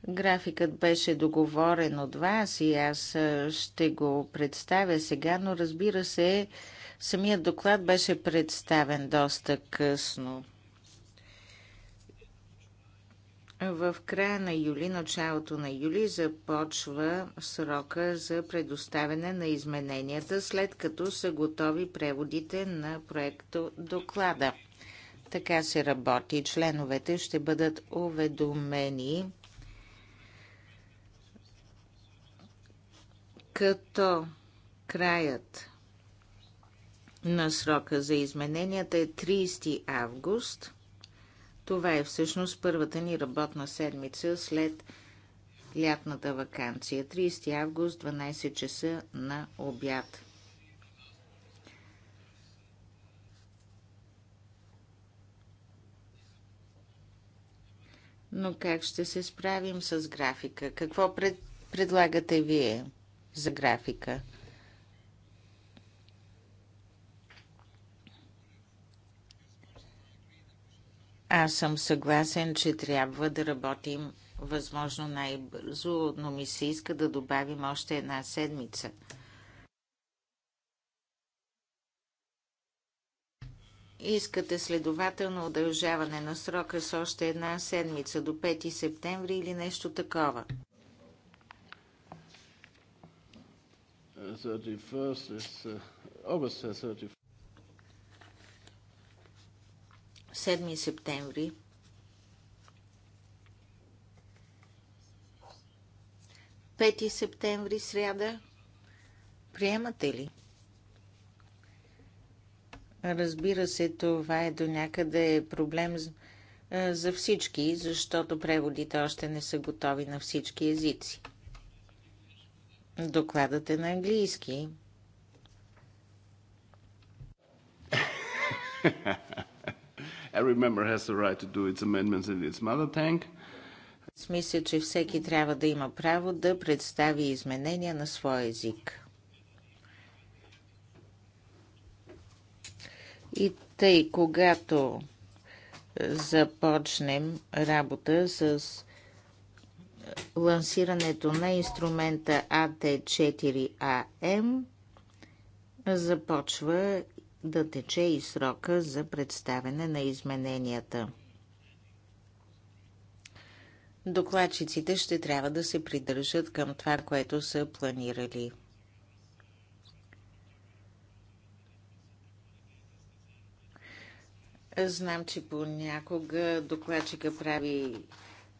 Графикът беше договорен от вас и аз ще го представя сега, но разбира се, самият доклад беше представен доста късно. В края на юли, началото на юли започва срока за предоставяне на измененията, след като са готови преводите на проекто доклада. Така се работи. Членовете ще бъдат уведомени като краят на срока за измененията е 30 август – това е всъщност първата ни работна седмица след лятната вакансия. 30 август, 12 часа на обяд. Но как ще се справим с графика? Какво пред, предлагате вие за графика? Аз съм съгласен, че трябва да работим възможно най-бързо, но ми се иска да добавим още една седмица. Искате следователно удължаване на срока с още една седмица до 5 септември или нещо такова? 7 септември Пети септември, сряда. Приемате ли? Разбира се, това е до някъде проблем за всички, защото преводите още не са готови на всички езици. Докладът е на английски. Every member has the right to do its amendments in its mother tank. Аз че всеки трябва да има право да представи изменения на своя език. И тъй, когато е, започнем работа с е, лансирането на инструмента AT4AM, започва да тече и срока за представяне на измененията. Докладчиците ще трябва да се придържат към това, което са планирали. Знам, че понякога докладчика прави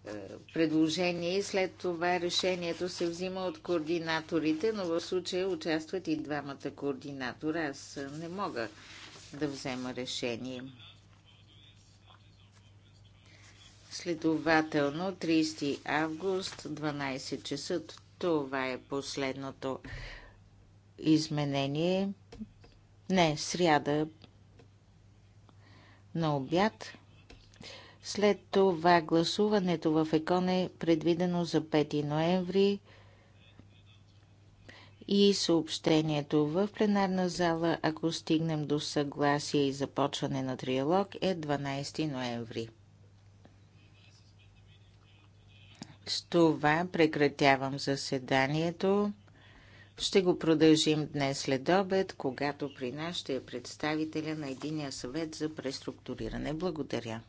е, предложение и след това решението се взима от координаторите, но в случая участват и двамата координатора. Аз не мога да взема решение. Следователно, 30 август, 12 часа. Това е последното изменение. Не, сряда на обяд. След това гласуването в ЕКОН е предвидено за 5 ноември и съобщението в пленарна зала, ако стигнем до съгласие и започване на триалог, е 12 ноември. С това прекратявам заседанието. Ще го продължим днес след обед, когато при нас ще е представителя на Единия съвет за преструктуриране. Благодаря.